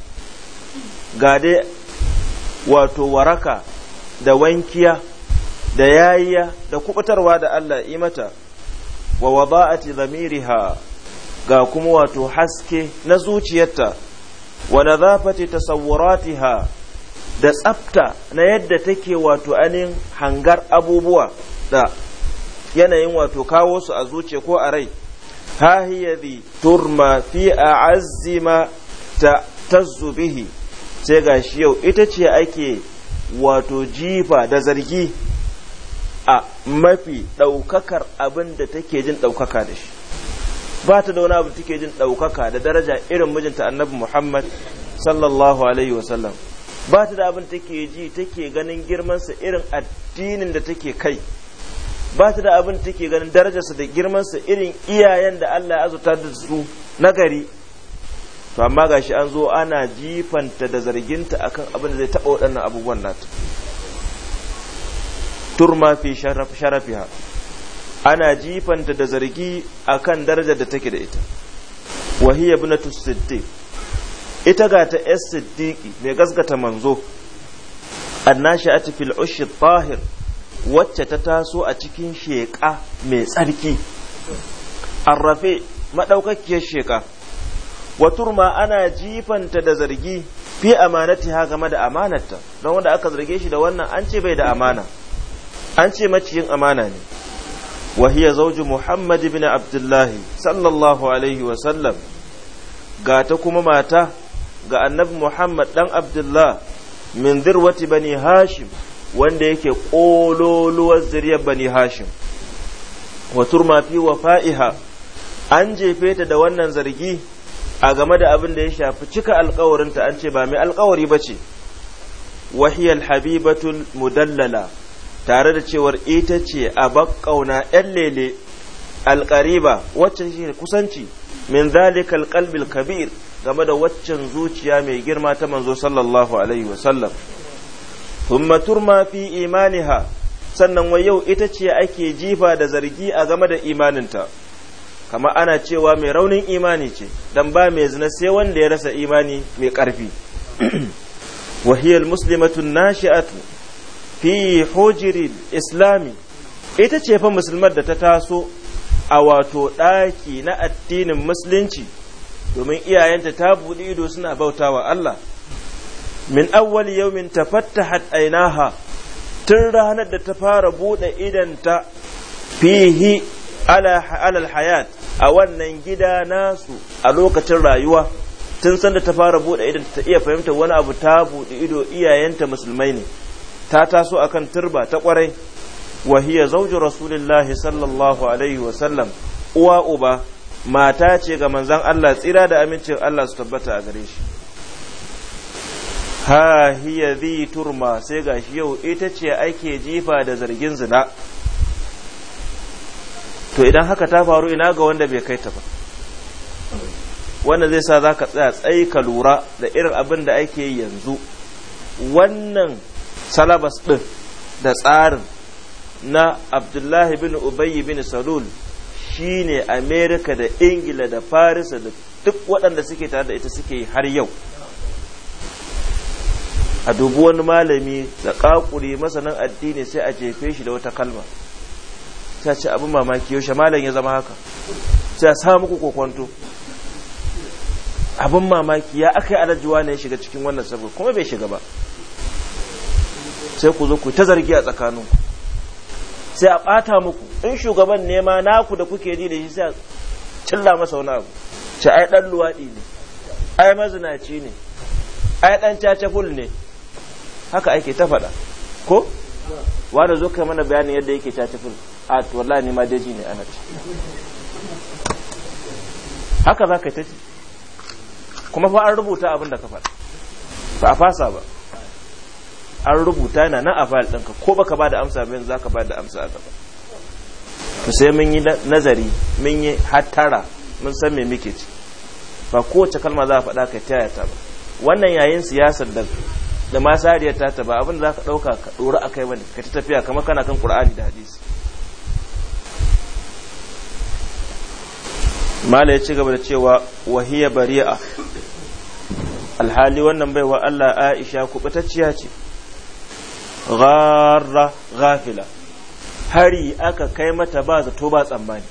ga gade. wato waraka da wankiya da yayiya da kubutarwa da Allah yi mata wa wada'ati zamiriha ga kuma wato haske na zuciyarta wa nadhafati tasawwuratiha da tsafta na yadda take wato anin hangar abubuwa da yanayin wato kawo su a zuciya ko a rai ha hiya turma fi ta bihi sai ga shi yau ita ce ake wato jifa da zargi a mafi ɗaukakar abin da take jin ɗaukaka da shi ba ta da wani abu take jin ɗaukaka da daraja irin mijinta annabi muhammad sallallahu alaihi wasallam ba ta da abin da take ji take ganin girmansa irin addinin da take kai ba ta da abin da take ganin darajarsa da girmansa irin iyayen da allah ya azuta da su nagari to amma shi an zo ana jifanta da zarginta akan abin da zai taba waɗannan abubuwan nata turma fi sharafiha ana jifanta da zargi akan daraja da take da ita wahiya ibnatu siddiq ita ga ta yas siddiqi mai gasgata manzo a fil ush tahir wacce ta taso a cikin sheƙa mai tsarki arrafe madaukakiyar sheƙa. wa turma ana jifanta da zargi fi amanati ha game da amanarta don wanda aka zarge shi da wannan an ce bai da amana an ce maciyin amana ne wa hiya zawju muhammad ibn abdullah sallallahu alaihi wa sallam ga ta kuma mata ga annabi muhammad dan abdullah min zirwati bani hashim wanda yake kololuwar zuriyar bani hashim wa turma fi wafa'iha an jefe ta da wannan zargi a game da abin da ya shafi cika alkawarinta an ce ba mai alkawari ba ce wahiyar habibatul mudallala tare da cewar ita ce a bakkauna yan lele alkariba waccan shi kusanci min zalikal kalbil kabir game da waccan zuciya mai girma ta manzo sallallahu alaihi wasallam thumma turma fi imaniha sannan wai yau ita ce ake jifa da zargi a game da imaninta kama ana cewa mai raunin imani ce dan ba mai zina sai wanda ya rasa imani mai ƙarfi wahiyar muslimatun nashi'atu fi hujiri islami ita ce fa musulmar da ta taso a wato ɗaki na addinin musulunci domin iyayenta ta buɗe ido suna bautawa Allah min awwal yawmin tafattahat ainaha tun ranar da ta fara buɗe idanta fihi alal hayat a wannan gida nasu a lokacin rayuwa tun sanda ta fara bude idan ta iya fahimta wani abu ta bude ido iyayenta musulmai ne ta taso akan turba ta kwarai wa hiya zawju rasulillahi sallallahu alaihi wa sallam uwa uba mata ce ga manzon Allah tsira da amincin Allah su tabbata a gare shi ha hiya zi turma sai gashi yau ita ce ake jifa da zargin zina to idan haka ta faru ina ga wanda bai kai ta ba wanda zai sa za ka tsaya tsayi ka lura da irin abin da ake yi yanzu wannan salabas ɗin da tsarin na abdullahi bin ubayi bin salul shi ne amerika da ingila da farisa da duk waɗanda suke tare da ita suke yi har yau a dubu wani malami da ƙaƙuri masanin addini sai a jefe shi da wata kalma ta ce abin mamaki yaushe malam ya zama haka sai a ku kokonto abin mamaki ya aka yi alajuwa ne ya shiga cikin wannan sabu kuma bai shiga ba sai ku zo ku ta zargi a tsakanin ku sai a ɓata muku in shugaban nema naku da kuke ji da shi sai a cilla masa wani abu ce ai dan luwaɗi ne ai mazinaci ne ai dan cacaful ne haka ake ta faɗa ko wani zo kai mana bayanin yadda yake ta tafi a wallahi ne ma daji ne ana ci haka za ka tafi kuma fa an rubuta abin da ka faɗa ba a fasa ba an rubuta na na a fayil ɗinka ko baka ba da amsa ba yanzu za ka ba da amsa a gaba ku sai mun yi nazari mun yi hattara mun san me muke ci ba kowace kalma za a faɗa ka tayata ba wannan yayin siyasar da da ma sariya ta ba abin da za ka ɗauka ka ɗora a kai wani ka ci tafiya kamar kana kan ƙura'ani da hadisi mala ya ci gaba da cewa wahiya bari'a alhali wannan bai wa Allah Aisha kubutacciya ce Gara gafila. hari aka kai mata ba zato ba tsammani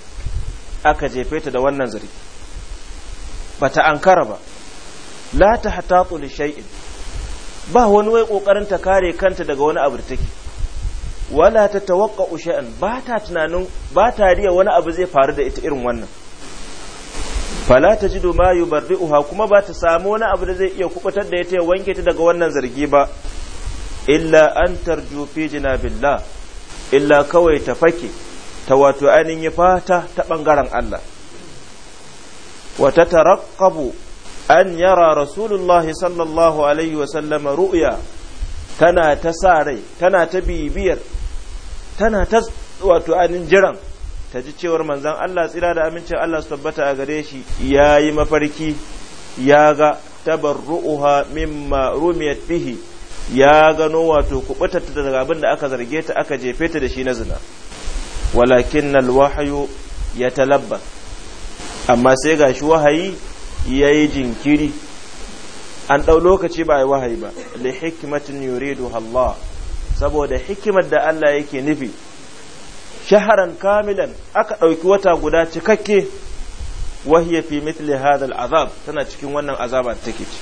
aka jefe ta da wannan zargi bata ankara ba la ta li shai'in. ba wani wai kokarin ta kare kanta daga wani abu da take wala ta tawakka shay'an ba ta tunanin ba ta riya wani abu zai faru da ita irin wannan fala tajidu ma yubarri'uha kuma ba ta samu wani abu da zai iya kubutar da ita ya wanke ta daga wannan zargi ba illa an tarju fi jinabillah illa kawai ta fake ta wato ainihin fata ta bangaren Allah wa ta taraqqabu an yara rasulullahi sallallahu alaihi wasallama ru'ya tana ta sa rai tana ta bibiyar tana ta wato anin jiran ta ji cewar manzan Allah tsira da amincin Allah su tabbata a gare shi ya yi mafarki ya ga ru'uha mimma rumiyat bihi ya gano wato kubutar ta daga abin da aka zarge ta aka jefe ta da shi na zina walakin nal wahyu ya talabba amma sai gashi wahayi ya yi jinkiri an ɗau lokaci ba yi wahayi ba da hikimatin yuridu Allah saboda hikimar da Allah yake nufi shaharan kamilan aka ɗauki wata guda cikakke wahiyar fi mitle hadal azab tana cikin wannan azaba ta take ci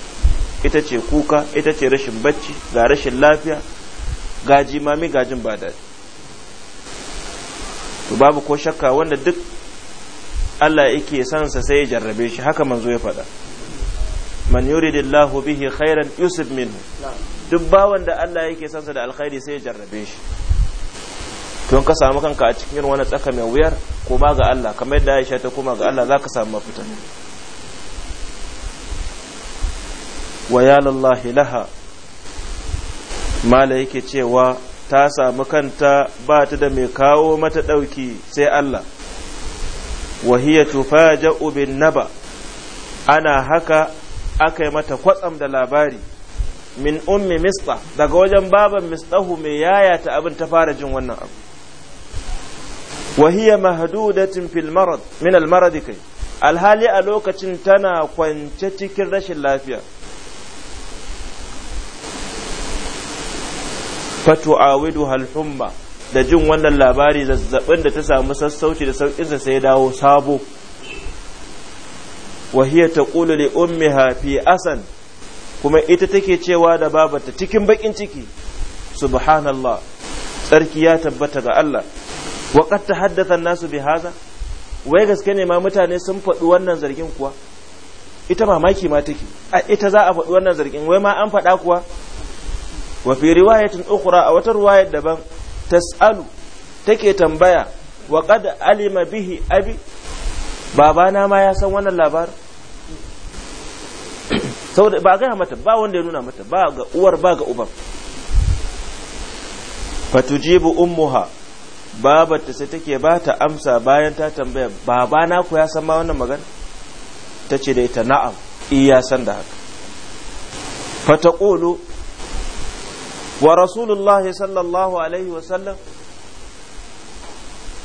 ita ce kuka ita ce rashin bacci ga rashin lafiya ga jimami gajin ba babu ko shakka wanda duk Allah yake son sa sai ya jarrabe shi haka manzo ya faɗa man yuridillahu bihi khairan yusib minhu duk bawan da Allah yake son sa da alkhairi sai ya jarrabe shi to ka samu kanka a cikin wani tsaka mai wuyar ko ba ga Allah kamar yadda Aisha ta koma ga Allah zaka samu mafita wa ya lallahi laha mala yake cewa ta samu kanta ba ta da mai kawo mata ɗauki sai Allah wa hiya tufaja'u bin naba ana haka aka mata kwatsam da labari min ummi mista daga wajen baban mistahu mai yayata abin ta fara jin wannan abu wa hiya mahdudatin fil marad min al marad kai alhali a lokacin tana kwance cikin rashin lafiya fatu'awidu hal humma da jin wannan labari zazzabin da ta samu sassauci da sauƙin sa sai dawo sabo wahiyar ta ƙulu li ummiha fi asan kuma ita take cewa da babata cikin bakin ciki subhanallah tsarki ya tabbata ga Allah wa qad tahaddatha nasu bi haza wai gaske ne ma mutane sun faɗi wannan zargin kuwa ita mamaki ma take a ita za a faɗi wannan zargin wai ma an faɗa kuwa wa fi riwayatin ukhra a wata riwayar daban tas'alu take tambaya wa qad alima bihi abi babana ma ya san wannan labarin saboda ba gaya mata ba wanda ya nuna mata ba ga uwar ba ga uban fatujibu ummuha ta sai take ba ta amsa bayan ta tambaya babana ku ya san ma wannan magana ta ce da ita na'am iya san da haka fataqulu wa rasulullahi sallallahu alaihi wasallam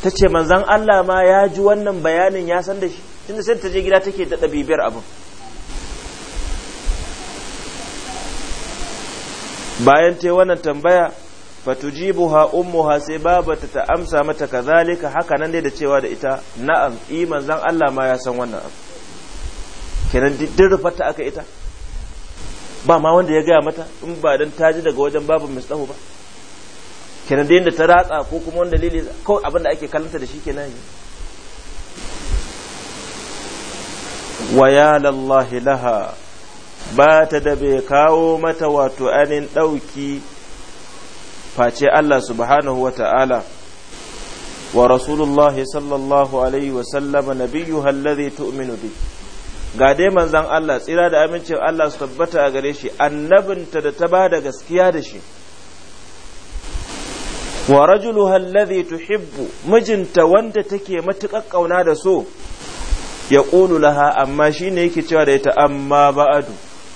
ta ce manzan Allah ma ya ji wannan bayanin ya san da shi tunda sai ta je gida take daɗa bibiyar abin bayan ta wannan tambaya buha ummuha sai baba ta ta amsa mata kazalika haka nan dai da cewa da ita na'am imanzan Allah ma ya san wannan abu kenan duk ta aka ita ba ma wanda ya gaya mata in ba dan ta ji daga wajen babu mislahu ba kenan da yadda ta ratsa ko kuma wani dalili kawai abin da ake kalanta da shi ke ne wa lallahi laha ba ta da bai kawo mata wato anin ɗauki face Allah subhanahu wa ta'ala wa rasulullahi sallallahu alaihi wasallama nabiyuha alladhi tu'minu bihi ga dai manzan Allah tsira da amincin Allah su tabbata a gare shi annabinta da ta ba da gaskiya da shi wa rajuluha alladhi tuhibbu mijinta wanda take matuƙar ƙauna da so ya ƙulu laha amma shine yake cewa da ita amma ba'adu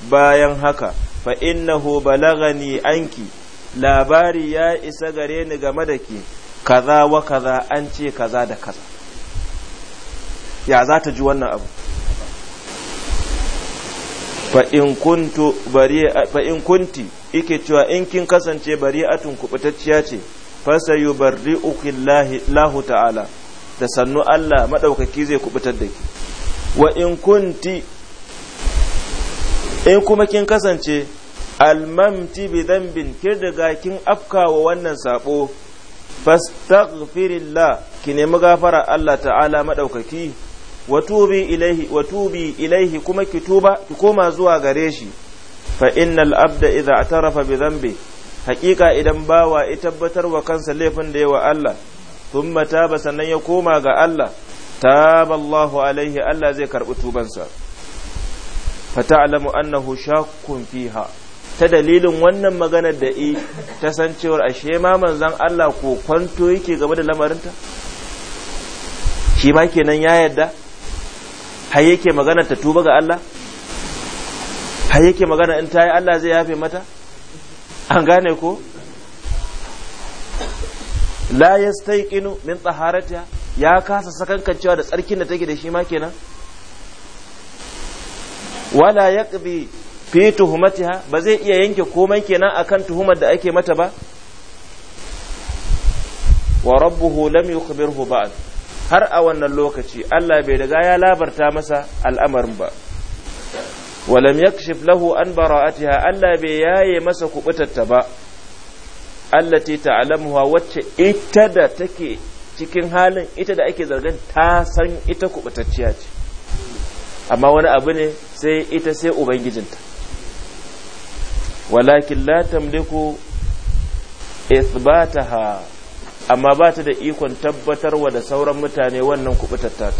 bayan haka fa innahu balagani anki labari ya isa gare ni game da ki kaza wa kaza an ce kaza da kaza ya za ta ji wannan abu fa in kunti ike cewa in kin kasance bari'atun kubutacciya ce fasa yi bari lahu ta'ala da sannu Allah maɗaukaki zai kubutar da ki wa in kunti in kuma kin kasance almamti bi dambin kin kin afkawa wannan saɓo fastaghfirillah ki nemi gafara Allah ta'ala maɗaukaki wa tubi ilaihi kuma ki tuba ki koma zuwa gare shi fa innal abda idza atarafa bi dhanbi haqiqa idan bawa ya tabbatar wa kansa laifin da yawa Allah thumma taba sannan ya koma ga Allah Allahu alaihi Allah zai karbi tubansa ta'lamu annahu shakkun fiha ta dalilin wannan maganar da i ta san cewar ashe ma manzon Allah ko kwanto yake game da lamarinta shi ma kenan ya yadda har yake magana ta tuba ga Allah har yake magana in ta yi Allah zai yafe mata an gane ko la yastaiqinu min tsaharata ya kasa sakankancewa da tsarkin da take da shi ma kenan wala ya ƙabi fi tuhumatiha ba zai iya yanke komai kenan akan tuhumar da ake mata ba wa rabbuhu lam yukhbirhu ba'd har a wannan lokaci Allah bai daga ya labarta masa al'amarin ba walam yakshif lahu an bara'atiha Allah bai yaye masa kubutarta ba allah allati ta'lamuha wacce ita da take cikin halin ita da ake zargin ta san ita kubutacciya ce amma wani abu ne sai ita sai ubangijinta walakin la tamliku ithbataha amma ba ta da ikon tabbatarwa da sauran mutane wannan kuɓutattata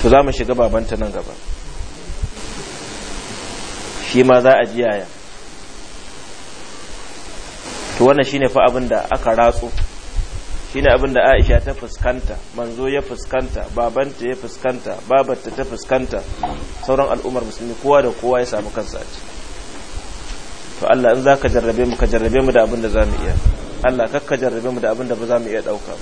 to za mu shiga babanta nan gaba shi ma za a jiyaya yaya to wannan ne fa abin da aka ratso shine abin da Aisha ta fuskanta manzo ya fuskanta babanta ya fuskanta babarta ta fuskanta sauran al'ummar musulmi kowa da kowa ya samu kansa a ciki to Allah in za ka jarrabe mu ka jarrabe mu da abin da za mu iya Allah ka jarrabe mu da abin da ba mu iya dauka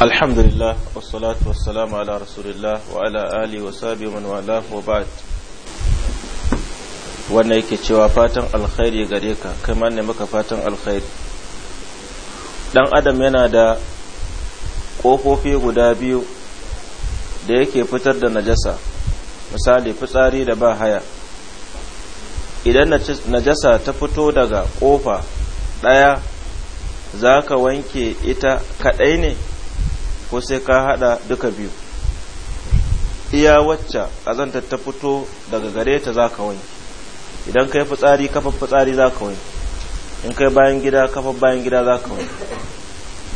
alhamdulillah wassalatu wassalamu ala rasulillah wa ala ali wa sahbihi man wala wa ba'd wannan yake cewa fatan alkhairi gare ka kai ma ne maka fatan alkhairi dan adam yana da kofofi guda biyu da yake fitar da najasa misali fitsari da ba haya idan najasa ta fito daga kofa ɗaya za ka wanke ita kaɗai ne ko sai ka haɗa duka biyu iya wacce ƙazantar ta fito daga gare ta za ka wanke idan ka yi fitsari kafin fitsari za ka wanke in kai bayan gida kafin bayan gida za ka wanke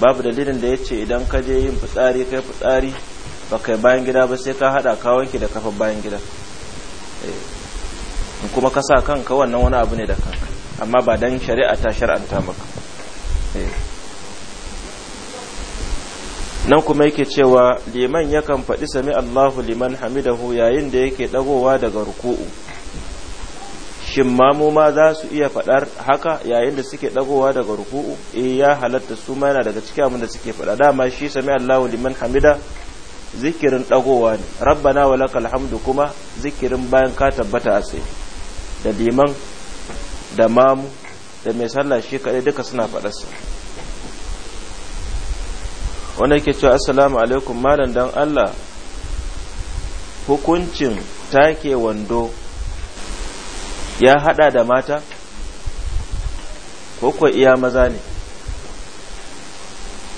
babu dalilin da ya ce idan ka je yin fitsari kai fitsari ba kai bayan gida ba sai ka hada ka da kafa bayan gida eh, in kuma ka sa kanka wannan wani abu ne da kanka amma ba dan shari'a ta shar'anta maka eh. nan kuma yake cewa liman yakan faɗi sami Allahu liman hamidahu yayin da yake ɗagowa daga ruku'u shin mu ma za su iya faɗar haka yayin da suke ɗagowa daga ruku'u eh ya halatta su ma yana daga cikin abin da suke faɗa dama shi sami Allahu liman hamida zikirin dagowa ne rabbana wa lakal hamdu kuma zikirin bayan ka tabbata a sai da liman da mamu da mai sallah shi kadai duka suna faɗarsa wanda yake cewa assalamu alaikum malam dan Allah hukuncin take wando ya hada da mata ko iya maza ne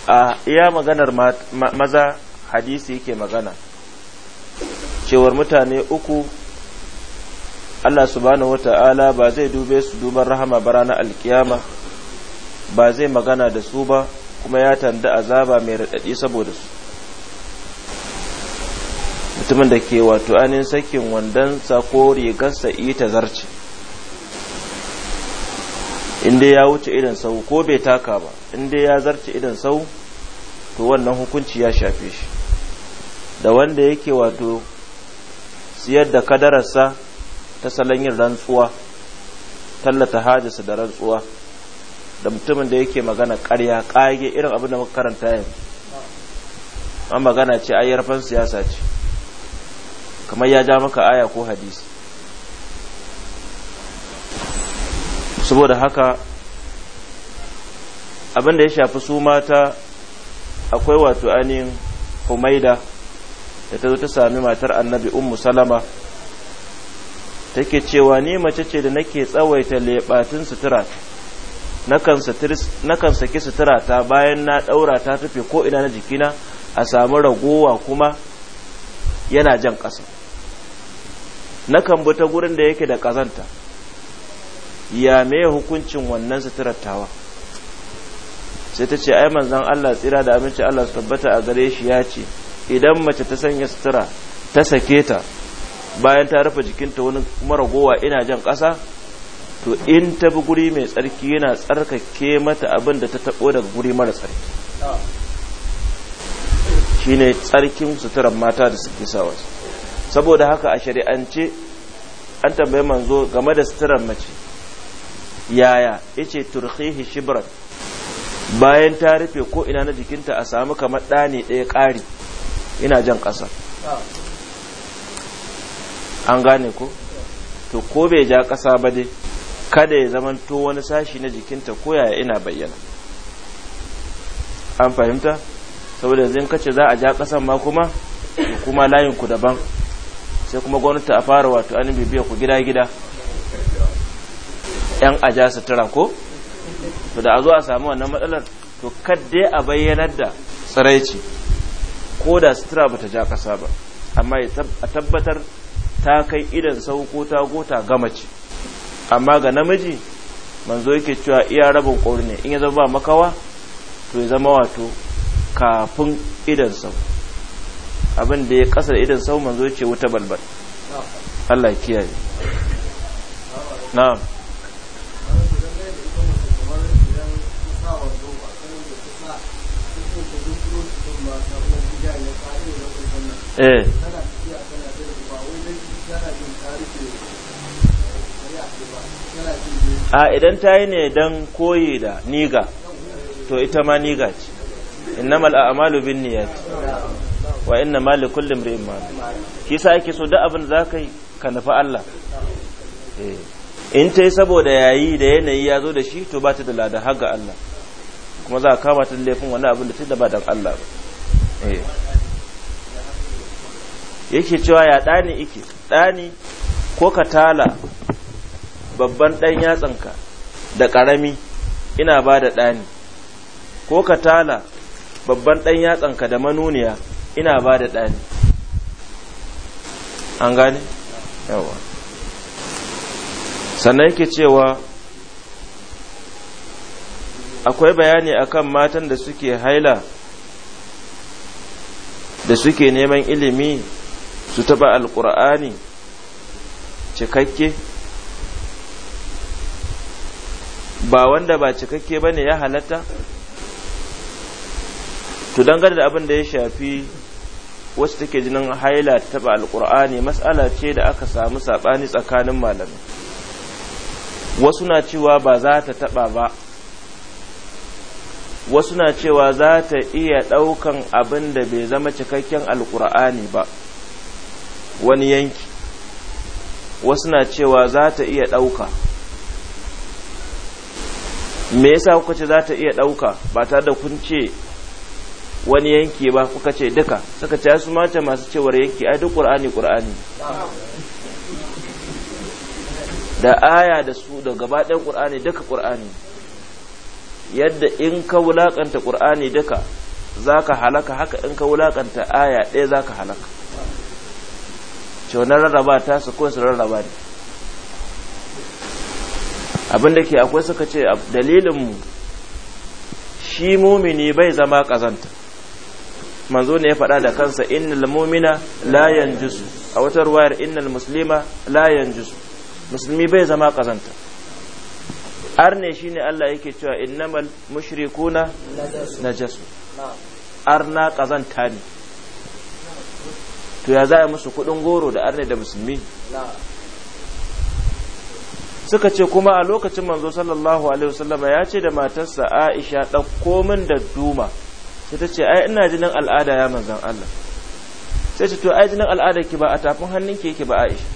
a iya maganar maza hadisi yake magana cewar mutane uku Allah subhanahu wata'ala ba zai dube su duban rahama ba ranar alkiyama ba zai magana da su ba kuma ya tanda azaba mai raɗaɗi saboda su mutumin da ke wato anin sakin wandonsa ko rigarsa ita zarce inda ya wuce idan sau ko bai taka ba inda ya zarce idan sau to wannan hukunci ya shafe shi da wanda yake wato siyar da kadararsa ta salon yin rantsuwa tallata hajjisa da rantsuwa da mutumin da yake magana karya kage irin abin da muka karanta yanzu an magana ce ayyarfan siyasa ce kamar ya ja maka aya ko hadisi saboda haka abin da ya shafi su mata akwai wato ainihin humaida da ta zo ta sami matar annabi ummu salama take cewa ni mace ce da nake tsawaita lebatin sutura nakan saki sutura ta bayan na ɗaura ta tafi ko ina na jikina a samu ragowa kuma yana jan ƙasa nakan bi ta gurin da yake da kazanta ya me hukuncin wannan sutura tawa sai ta ce ai manzon Allah tsira da aminci Allah su tabbata a gare shi ya ce idan mace ta sanya sutura ta sake ta bayan ta rufe jikinta wani maragowa ina jan ƙasa to in ta bi guri mai tsarki yana tsarkake mata abin da ta taɓo daga guri mara tsarki Shi ne tsarkin suturan mata da suke sawa saboda haka a shari'ance an tambaye manzo game da suturan mace yaya ce turkihi shibran bayan ta rufe ko ina na jikinta a samu kamar ɗani ɗaya ƙari ina jan ƙasa an gane ko to ko bai ja ƙasa ba dai kada ya zamanto wani sashi na jikinta ko yaya ina bayyana an fahimta saboda yanzu kace za a ja ƙasan ma kuma kuma layinku daban sai kuma gwamnati a fara wato an bibiya ku gida gida yan aja sutura ko to da a zo a samu wannan matsalar to kadde a bayyanar da tsiraici ko da sutura bata ja ƙasa ba amma a tabbatar ta kai idan sauko ta gota gama ce amma ga namiji manzo yake cewa iya rabin ƙori ne in ya zama makawa to ya zama wato kafin idan sau abin da ya ƙasa idan sau manzo ce wuta balbal Allah kiyaye na'am Eh. a idan ta yi ne don koyi da niga to ita ma niga ce innamal a'malu bin niyyat wa inna ma li kulli ri'in ma shi yasa yake so duk abin za ka yi ka nufi Allah eh. in ta yi saboda yayi da yanayi ya zo da shi to ba ta da lada har ga Allah kuma za a kama ta laifin wani abin da ta da ba dan Allah ba eh. yake cewa ya ɗani ike ɗani ko ka tala babban ɗan yatsanka da ƙarami ina ba da ɗani ko ka tala babban ɗan yatsanka da manuniya ina ba da ɗani an gane? yawa sannan yake cewa akwai bayani akan matan da suke haila da suke neman ilimi su taba alkur'ani cikakke ba wanda ba cikakke ba ne ya halatta to dangane da abin da ya shafi wasu take jinin haila ta taba alkur'ani matsala ce da aka samu saɓani tsakanin malamai wasu na cewa ba za ta taba ba wasu na cewa za ta iya ɗaukan abin da bai zama cikakken alkur'ani ba wani yanki wasu na cewa za ta iya ɗauka me yasa kuka ce za ta iya ɗauka ba tare da kun ce wani yanki ba kuka ce duka suka ce su mace masu cewar yanki ai duk ƙur'ani ƙur'ani da aya da su da gaba ɗayan ƙur'ani duka ƙur'ani yadda in ka wulaƙanta ƙur'ani duka za ka halaka haka in ka wulaƙanta aya ɗaya za ka halaka shi rarraba ta su ko su rarraba ne abin da ke akwai suka ce dalilinmu shi mumini bai zama kazanta manzo ne ya faɗa da kansa innal mumina la yanjusu a wata wayar, innal muslima la yanjusu musulmi bai zama kazanta arne shine Allah yake cewa innamal mushrikuna najasu arna kazanta ne to ya za musu kuɗin goro da arne da musulmi suka ce kuma a lokacin manzo sallallahu alaihi wasallama ya ce da matarsa Aisha ɗauko min da duma sai ta ce ai ina jinin al'ada ya manzon Allah sai ce to ai jinin al'ada ki ba a tafin hannun ki yake ba Aisha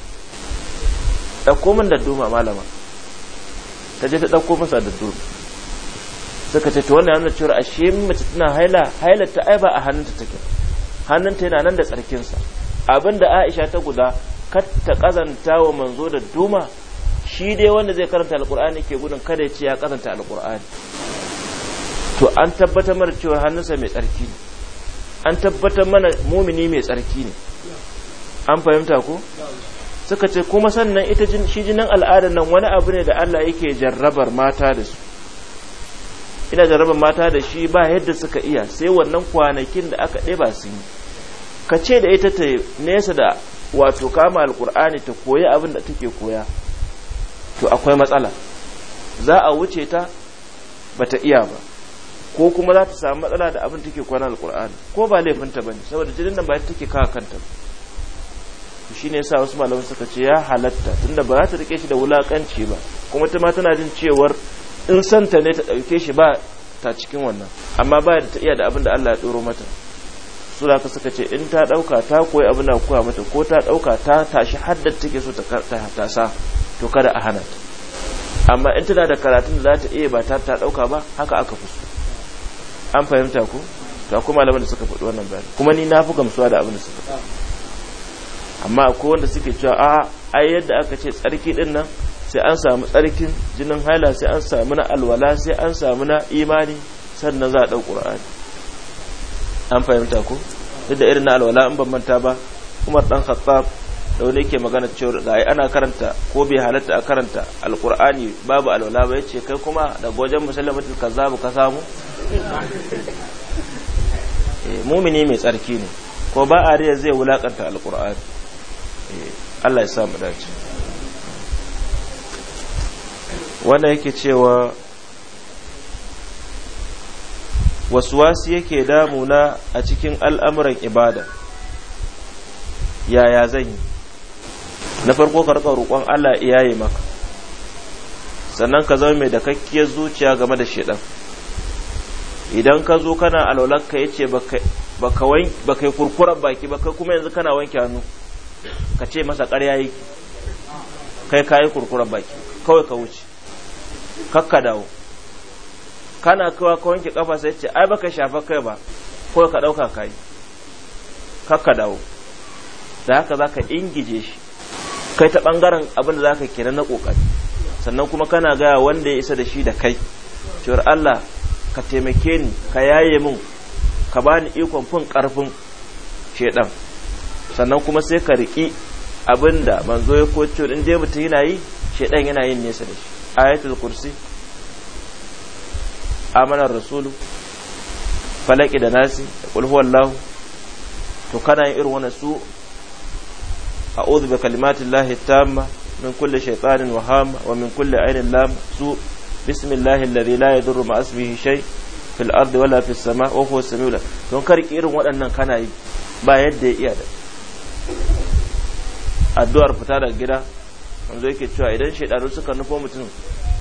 ɗauko min da duma malama ta je ta ɗauko masa da duma suka ce to wannan yana cewa ashe mace tana haila haila ta ai ba a hannunta take hannunta yana nan da tsarkinsa abinda aisha ta guda kar ta kazanta wa manzo da duma shi dai wanda zai karanta alkur'ani ke gudun kada ya ce ya karanta alkur'ani to an tabbatar mana cewa hannunsa mai tsarki ne an tabbatar mana mumini mai tsarki ne an fahimta ko suka ce kuma sannan ita shi jinin al'adar nan wani abu ne da Allah yake jarrabar mata da su ina jaraban mata da shi ba yadda suka iya sai wannan kwanakin da aka ɗeba sun yi ka ce da ita ta nesa da wato kama alkur'ani ta koyi abin da take koya to akwai matsala za a wuce ta ba ta iya ba ko kuma za ta samu matsala da abin take kwana alkur'ani ko ba laifinta ba ne saboda jirin nan ba ta take kawo kanta shi ne sa wasu malamai suka ce ya halatta tunda ba za ta rike shi da wulakanci ba kuma ta ma tana jin cewar in santa ne ta ɗauke shi ba ta cikin wannan amma ba ta iya da abin da Allah ya tsoro mata su da ka suka ce in ta ɗauka ta koyi abin da koya mata ko ta ɗauka ta tashi haddar take so ta sa to kada a hana ta amma in tana da karatun da za ta iya ba ta ta ɗauka ba haka aka fi so an fahimta ko ta kuma malaman da suka faɗi wannan bayani kuma ni na fi gamsuwa da abin da suka faɗi amma akwai wanda suke cewa a ai yadda aka ce tsarki dinnan. sai an samu tsarkin jinin haila sai an samu na alwala sai an samu na imani sannan za a ɗau ƙura'ani an fahimta ko duk da irin na alwala in ban manta ba umar ɗan khattab da wani yake magana da ga ana karanta ko bai halatta a karanta alkur'ani babu alwala ba yace kai kuma daga wajen musallamatul kazzabu ka samu eh, mumini mai tsarki ne ko ba a riya zai wulakanta alkur'ani eh, Allah ya samu dace wanda yake cewa wasuwasi yake damuna a cikin al'amuran ibada yaya zan yi na farko karɓar roƙon Allah iyaye maka sannan ka zama mai da kakkiyar zuciya game da shaidan idan ka zo kana alwalarka ya ce ba yi kurkurar baki ba kai kuma yanzu kana wanke hannu ka ce masa ƙarya yi kai ka yi kurkurar baki kawai ka wuce kakka dawo kana kawa ka wanke kafa sai ce ai baka shafa kai ba ko ka dauka kai kakka dawo da haka zaka ingije shi kai ta bangaren abin da zaka kira na kokari sannan kuma kana gaya wanda ya isa da shi da kai cewar Allah ka taimake ni ka yaye mun ka bani ikon fin karfin shedan sannan kuma sai ka riki abinda manzo ya koce in je mutum yana yi shedan yana yin nesa da shi ayatul kursi amanar rasulu falaki da nasi da kulhuwallahu to kana yin irin wani su a ozu bi kalimatin lahi tamma min kulle shaitanin wahama wa min kulle ainihin lam su bismillahi lalzi la ya duru ma'asmihi shai fil ardi wala fis sama wa huwa don karki irin waɗannan kana yi ba yadda ya iya da addu'ar fita daga gida zo yake cewa idan shaidanu suka nufo mutum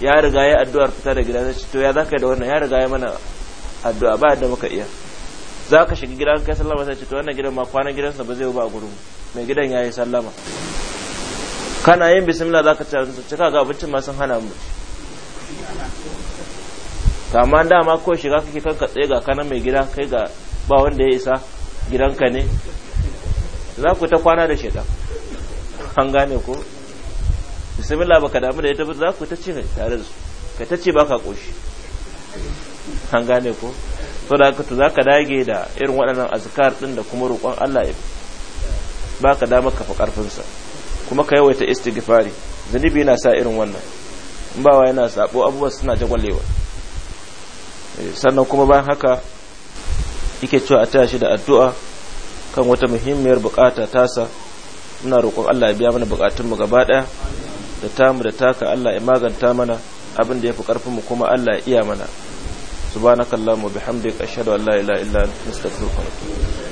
ya riga ya addu'ar fita da gida zai to ya zaka da wannan ya riga ya mana addu'a ba yadda muka iya za ka shiga gidan kai sallama sai ce to wannan gidan ma kwanan gidansa ba zai ba a gurin mai gidan yayi sallama kana yin bismillah zaka ce cika ga abincin ma sun hana mu kama dama ko shiga kake kanka tsaye ga kanan mai gida kai ga ba wanda ya isa gidanka ne za ku ta kwana da shaidan an gane ko bismillah baka damu da ita ba za ku ta ce tare da su ka ta ce baka koshi an gane ko so da to za ka dage da irin waɗannan azkar ɗin da kuma roƙon Allah ya ba ka dama kafa ƙarfinsa kuma ka yawaita istighfari zunubi yana sa irin wannan in yana sabo abubuwa suna jagwalewa eh, sannan kuma bayan haka yake cewa a tashi da addu'a kan wata muhimmiyar bukata tasa muna roƙon Allah ya biya mana bukatunmu gaba ɗaya da tamu da taka Allah ya maganta mana abin da ya fi karfin mu kuma Allah ya iya mana subhanakallahumma bihamdika ashhadu an la ilaha illa anta astaghfiruka wa atubu